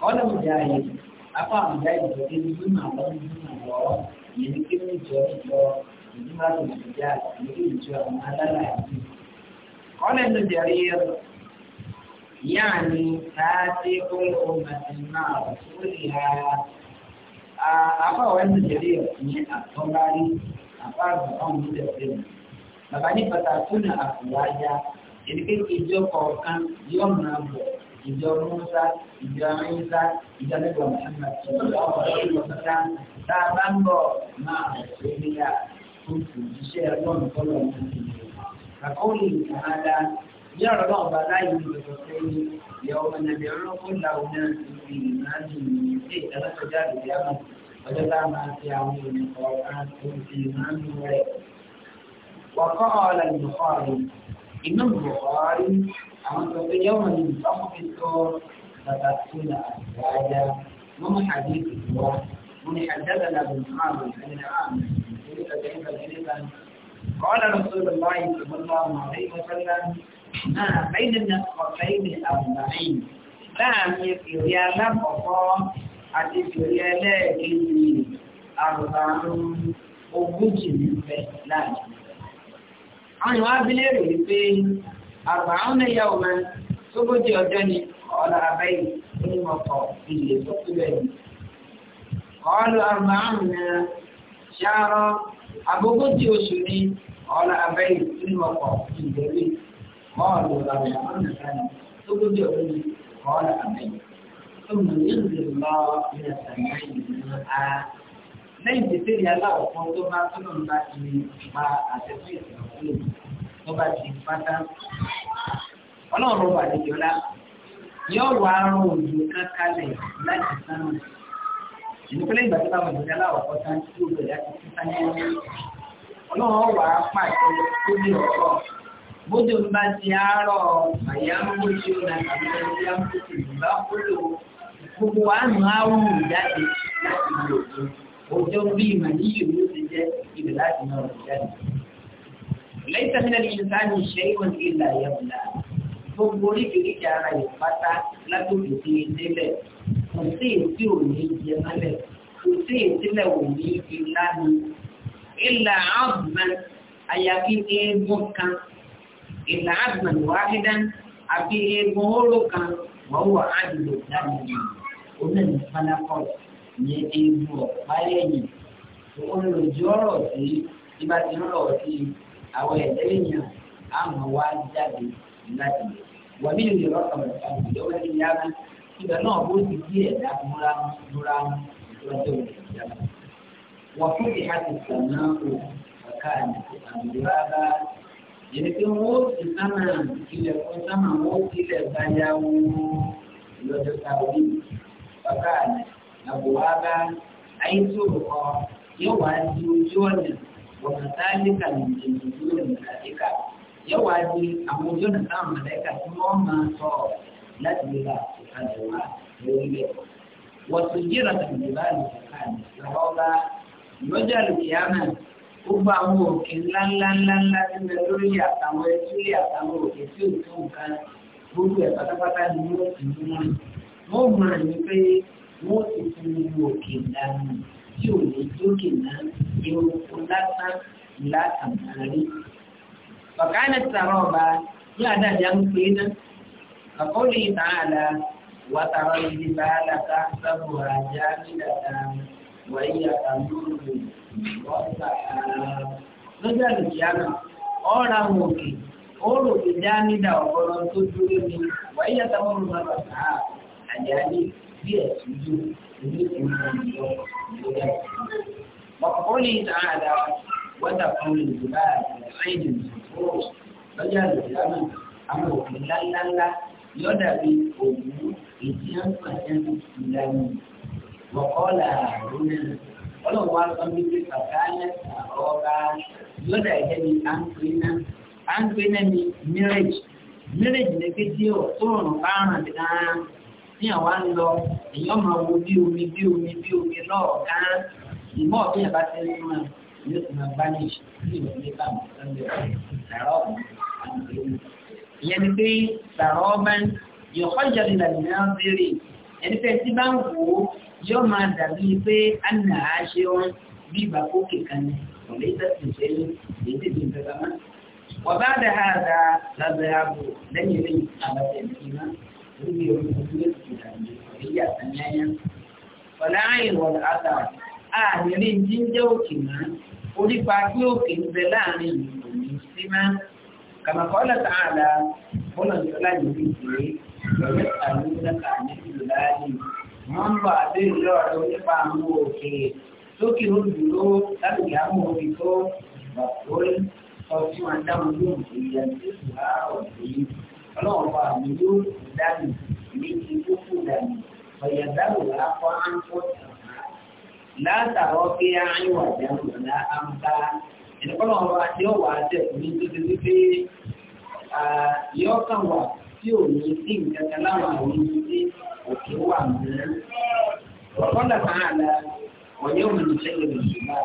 Kọ́lá Mujahid, apá Mujahid tó dé ní Júmọ̀ lọ ní Júmọ̀ lọ, ìyẹn ní kí ní jọ jọ ìjọba tó ti jà lórí ìjọ àwọn alálàájì. Kọ́lá Ibn Jarir, yáàni láti kún ọmọ ìmọ̀ òkúrì ha. Apá wa Ibn Jarir ní àtọ́lárí, apá àgbà ọ̀hún Bàbá ní pàtàkì náà àkùwájá. yẹn pé ìjọ kọ̀ọ̀kan yóò máa bọ̀ ìjọ musa ìjọ ayinza ìjọ nígbà mọ̀hánà tó ń bọ̀ ọ̀rọ̀ ìwọ̀sọ̀tà tá a bá ń bọ̀ máa bọ̀ sí níyà tuntun iṣẹ́ ọlọ́run tọ́lọ̀ ní ìlú. àkọ́wé ìkànnà yóò rọ̀ náà bá láyé ìgbésọ̀ sẹ́yìn يوم ندعو كل أناس بإيمانهم إيه أنا تجاري اليوم وجدع ما في عمل القرآن في إيمان وقال البخاري iná buhari àwọn sọ pé yẹ́wò ní ìfọ́kùnrin sọ bàtà tó nà àgbáyá wọ́n mú àdé ìwọ́ wọ́n ní àdáda nà bùnú àrùn ẹni nà àmì ìlú kẹfẹ́ nípa ìlú kan قال رسول الله صلى الله عليه وسلم ما بين النصرتين الأربعين láàrin ìfìrí alákọ̀ọ́kọ́ àti ìfìrí ẹlẹ́ẹ̀kejì àrùn àrùn ogójì nífẹ̀ẹ́ láàrin àwọn ìwọ̀n abílẹ̀rẹ̀ wípé àgbà àwọn ẹ̀yà ọmọ sógójì ọjọ́ ni ọ̀la abẹ́yìn onímọ̀kọ̀ ilé tó kú bẹ́ẹ̀ ni. ọ̀la àgbà àwọn ṣàrọ̀ àgógójì oṣù ni ọ̀la abẹ́yìn onímọ̀kọ̀ ilé rí ọ̀la àgbà àwọn ẹ̀yà sógójì ọjọ́ ni ọ̀la abẹ́yìn. ثم ينزل الله من السماء ماء lẹ́yìn tètè rí aláwọ̀ kan tó bá túnú nípa ti pa àtẹ̀tẹ̀ ìsìnkú tó bá ti pátá. ọlọ́run wà níjọ́lá yóò wá rán òjò kan kalẹ̀ láti sánà. ìdúpẹ́lẹ́ ìgbà tó bá wà níjọ́lá ọ̀pọ̀ tán tí ó bẹ̀rẹ̀ láti tún sáyé wọn. ọlọ́run wà á pàṣẹ tó ní ọ̀pọ̀. bójú ń bá ti àárọ̀ àyà ń bó tí ó nà tàbí ẹni yá ń bó ti ìgbà kúlò gbogbo àánú áwù jáde láti ilé òjò. وجو به مني يخرج إبلاء من الجنة ليس من الإنسان شيء إلا يبلى gbogbo oríṣiríṣi ara yìí pátá látòkè sí ìdílẹ̀ kò sí èsì òní jẹ mọ́lẹ̀ kò sí ìdílẹ̀ òní ìlà ni ìlà àbùmán àyàfi eégún kan ìlà àbùmán wàhídán àfi eégún oró kan wọ́n wà á dìbò dáná òun náà ní pálákọ̀ọ́. ní ewu ọ̀páyẹ̀yìn olùjọ ọ̀rọ̀ sí ibà tí ń rọ̀ sí àwọn ẹ̀dẹ́ èèyàn àmọ́ wá jáde láti wà nínú ìrọ̀ ọ̀rọ̀ àgbèjọ wọn ti yára ibẹ̀ náà bó ti di ẹ̀dá múra múra lọ́jọ́ ìjà wọ́n fún ìhà ti sàn náà kò kàkà àmìlá bá yẹni pé wọ́n ó ti sámà ilẹ̀ fún sámà wọ́n ó ti ilẹ̀ báyà lọ́jọ́ sáwọ́ yìí kàkà àmìlá àbúwábá àìsòròkọ yóò wá di ojú ọ̀nà wọ̀nàtàlíkà nìjẹ̀lẹ̀dú nìkàlíkà yóò wá di àwọn ojú ọ̀nà táwọn mọ̀lẹ́kà tí wọ́n máa sọ láti lè ra ìkàlẹ̀ wá lórí rẹ̀. wọ́tò jíra tàbí bá lè kàkà ní ìlọ́ba lọ́jà lùkìyàmà gbogbo àwọn òkè ńláńláńláńlá tí wọ́n lórí àtàwọn ẹtúlé àtàwọn òkè tí ò tó nǹkan gbogbo ẹ̀ pátápátá ni wọ́n ti mú wọn. wọ́n mọ̀ ní pé wọ́n ti fún irú òkè ìdáná tí ò ní dókè náà eruku lásán lásán àárín. Ọ̀kánà tààrọ̀ ọba ní àdájá ń pè náà. Àkọ́lé ìtàhàlà wà tààrọ̀ ìdí bá aláta sábò àjá nígbàtà wàyí àtàlúrù ọ̀sà lọ́jọ́ àlùkìyàmà ọ̀ra wọn òkè ó rò pé dá nídà ọ̀gọ́rọ̀ tó dúró ní wàyí àtàlúrù ọ̀sà àjá nígbàtà díẹ̀ tí yóò ní ìmọ̀ ìjọ ìjọba وقوله تعالى وتقول الجبال عين الزفوف فجعل الجبل أمر لا لا لا يدعي أمور ìdíyànfà ẹnu ìlànà wọ̀kọ́lá àrùn ọlọ́run wa sọ wípé bàbá lẹ́sà ọba lọ́dà ẹ̀jẹ̀ ni à ń pè náà à ń pè náà ní àwa ń lọ èyàn máa wo bí omi bí omi bí omi lọ́ọ̀kan ìmọ̀ bí ẹ̀ bá ti ń mọ̀ ní oṣù náà bá ní ìṣòro ní bá mi sọ́dọ̀ ẹ̀rọ ìyẹn ni pé sàrọ̀ ọba yọ̀kọ́ ìjọba ìlànà náà béèrè ẹni pé tí bá ń wò ó yóò máa dàbí pé a nà á ṣe wọn bí ìgbà kókè kan ní ọ̀lẹ́ ìtẹ̀sí ìṣẹ́yìn èyí ti di ìjọba náà. wọ́n bá dẹ̀ ha Fọláyìn wọ̀n àtà ààrin jíjẹ́ òkè máa, orípa pé òkè ń bẹ láàrin ìròyìn sí máa. Kàmàkọ́lá tààlà, bọ́lá ìjọlá yìí pé lọ́rẹ́ àwọn ìlàkà ní ìlú láàrin. Wọ́n lọ àdé ìlú ọ̀rọ̀ nípa àwọn òkè lókè ó dúró láti ìyàmú omi tó bàtó ọtí wọn dáhùn lóhùn ìyẹn tó sì ọlọ́run bá mi yóò dánù ní ti tó kù dánù ọ̀yà dánù lápá á ń tọ́ látàrọ́ pé á ń wà dánù lá á ń bá ìdíkọ́lọ́run bá yóò wà á tẹ̀ ní tó ti wípé yóò kàn wà tí ò ní sí nǹkan kan láwọn àwọn ohun tí òkè wà mọ́. ọ̀pọ̀lọpọ̀ kan àlà wọ̀nyẹ́ òun ìṣẹ́lẹ̀ ìṣúná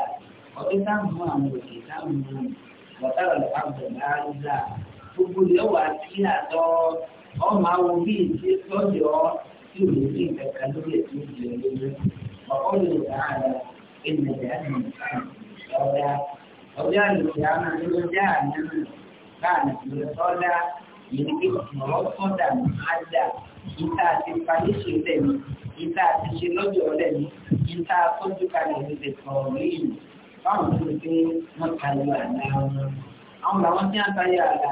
ọdún táwọn àwọn òkè táwọn ọ̀tá gbogbo ilẹ̀ wà sí àtọ́ ọmọ àwọn bí ìdí lọ́yọ̀ọ́ tí ò lè rí ìkẹ̀kẹ́ lórí ètò ìjìnlẹ̀ lórí ọ̀pọ̀ lè rà á lọ ènìyàn dáhùn ọ̀dà ọ̀dà ìjìyà máa ń dá àná káàní ìrẹsọ́dá yìí ní ọ̀rọ̀ sọ́dà máa dà ìta àti paríṣe lẹ́nu ìta àti ṣe lọ́jọ́ lẹ́nu ìta tọ́jú kalẹ̀ níbi sọ̀rọ̀ yìí báwọn tó ń pé wọ́n tayọ àná wọn àwọn làwọn tí wọ́n tayọ àná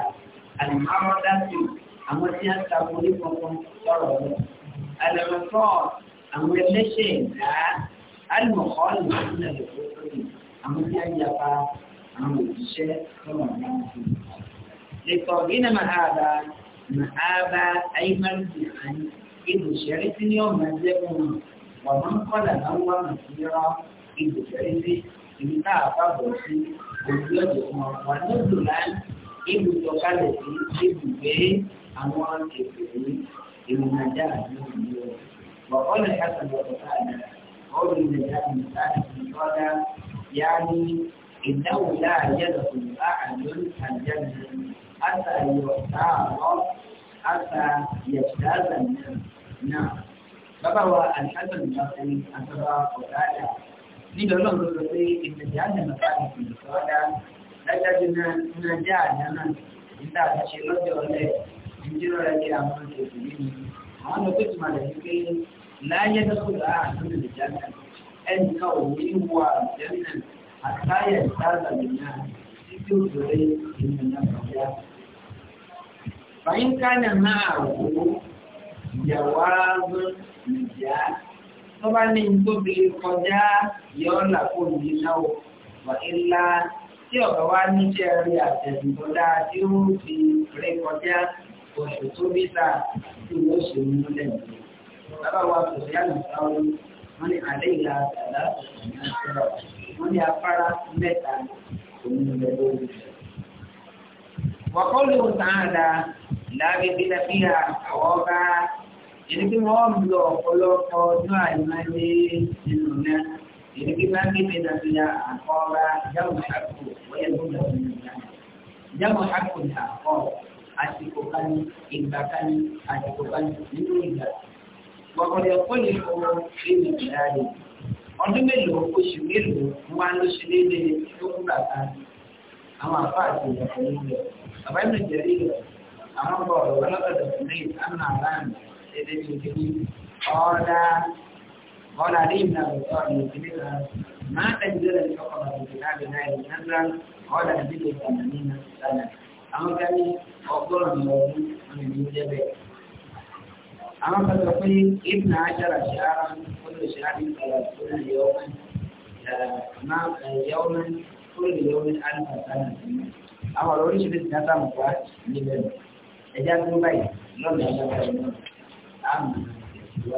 الإمام الذي أمسي التقليد من الصرف من الفطر أمسي أن يقع أمسي كما يمكن لتوجين مهابة مهابة أيمن بأن إذ شرط يوم مزيكم ومن قال هو مسيرا إذ شرط إذ ìlú sọ̀kalẹ̀ sí ibùgbé àwọn kèfèrí ìmọ̀nà dáa lórí ìlú rẹ̀. وقال الحسن وقال قول النجاح سعد قال يعني إنه لا يدخل أحد الجنة حتى يختار حتى يجتاز النار فبوى الحسن البصري أثر قتادة لما لم يستطيع أن يجعل مكانه في dájájú náà jẹ́ àjánà nígbà tí ṣe lọ́jọ́ ọ̀lẹ́ ìjírọ̀ rẹ̀ kí àwọn òṣèlú nínú àwọn ọmọ tó ti máa lẹ̀ wípé láyé dọ́kùnrin àádọ́nà lè jáde ẹnì kan ò ní wọ àjẹ́nà àtàyè ìtàlà lè náà títí òṣèré ìrìn náà kọjá. Fàyínká náà máa ìyàwó aráàlú nìjà tó bá ní tóbi kọjá yọ̀ọ́ làkó ìdínáwó wà ilá tí ọ̀gá wa níṣẹ́ rí àtẹ̀dùnkọ́ dáa tí ó ń fi rẹ̀ kọjá oṣù tó bí ta tí ó ṣe ń múlẹ̀. Bàbá wa kò sí àná sáwọn wọn ní àlẹ́ ìlà àtàlá ìṣẹ̀lẹ̀ wọn ní afárá mẹ́ta òun lọ lórí. Wọ́kọ́lù tààdà láàbí bí na bí a àwọn ọba ẹni tí wọ́n lọ ọ̀pọ̀lọpọ̀ ọdún àìmáyé nínú náà. Jadi kita ni beda punya akola jauh satu, wajah pun jauh punya. Jauh satu ni akol, asyikukan, ingatkan, asyikukan, itu juga. Waktu dia pun itu ini dari. Orang ni lu push milu, mana sini ni tu kubatan. Ama apa tu? Apa yang menjadi? Amat kalau kalau ada sini, anak ramai, ada cuci, ada قال علي بن ابي طالب مثلها ما تنزل الحكم في كتاب الله المنزل قال نزل ثمانين سنه àwọn kan ní ọgọ́rùn lọ́dún ní ìlú jẹ́bẹ̀. àwọn kan sọ pé ibùdó ajára ṣe ara olùṣe àdìsára tó lè yọ ọmọ máa ẹ̀yẹ ọmọ tó lè yọ ọmọ àdìsára náà. àwọn ọ̀rọ̀ oríṣiríṣi náà sàmù wá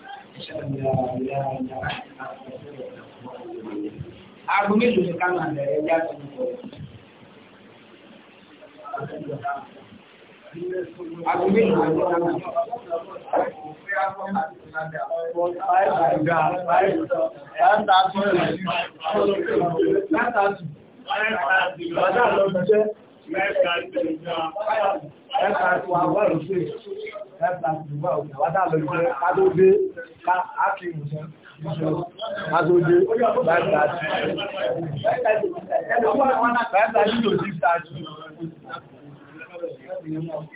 Aago mélòó ni káwọn àgbẹ̀ rẹ̀ yá sí ọ̀pọ̀? Aago mélòó ni káwọn àgbẹ̀ rẹ̀ yá sí ọ̀pọ̀? Mẹ́ta ti wà wọ́n ṣe, mẹ́ta ti wà òkè, àwọn dà lọ ìgbẹ́, ká tó dé, ká á kí ìmùsẹ́, ká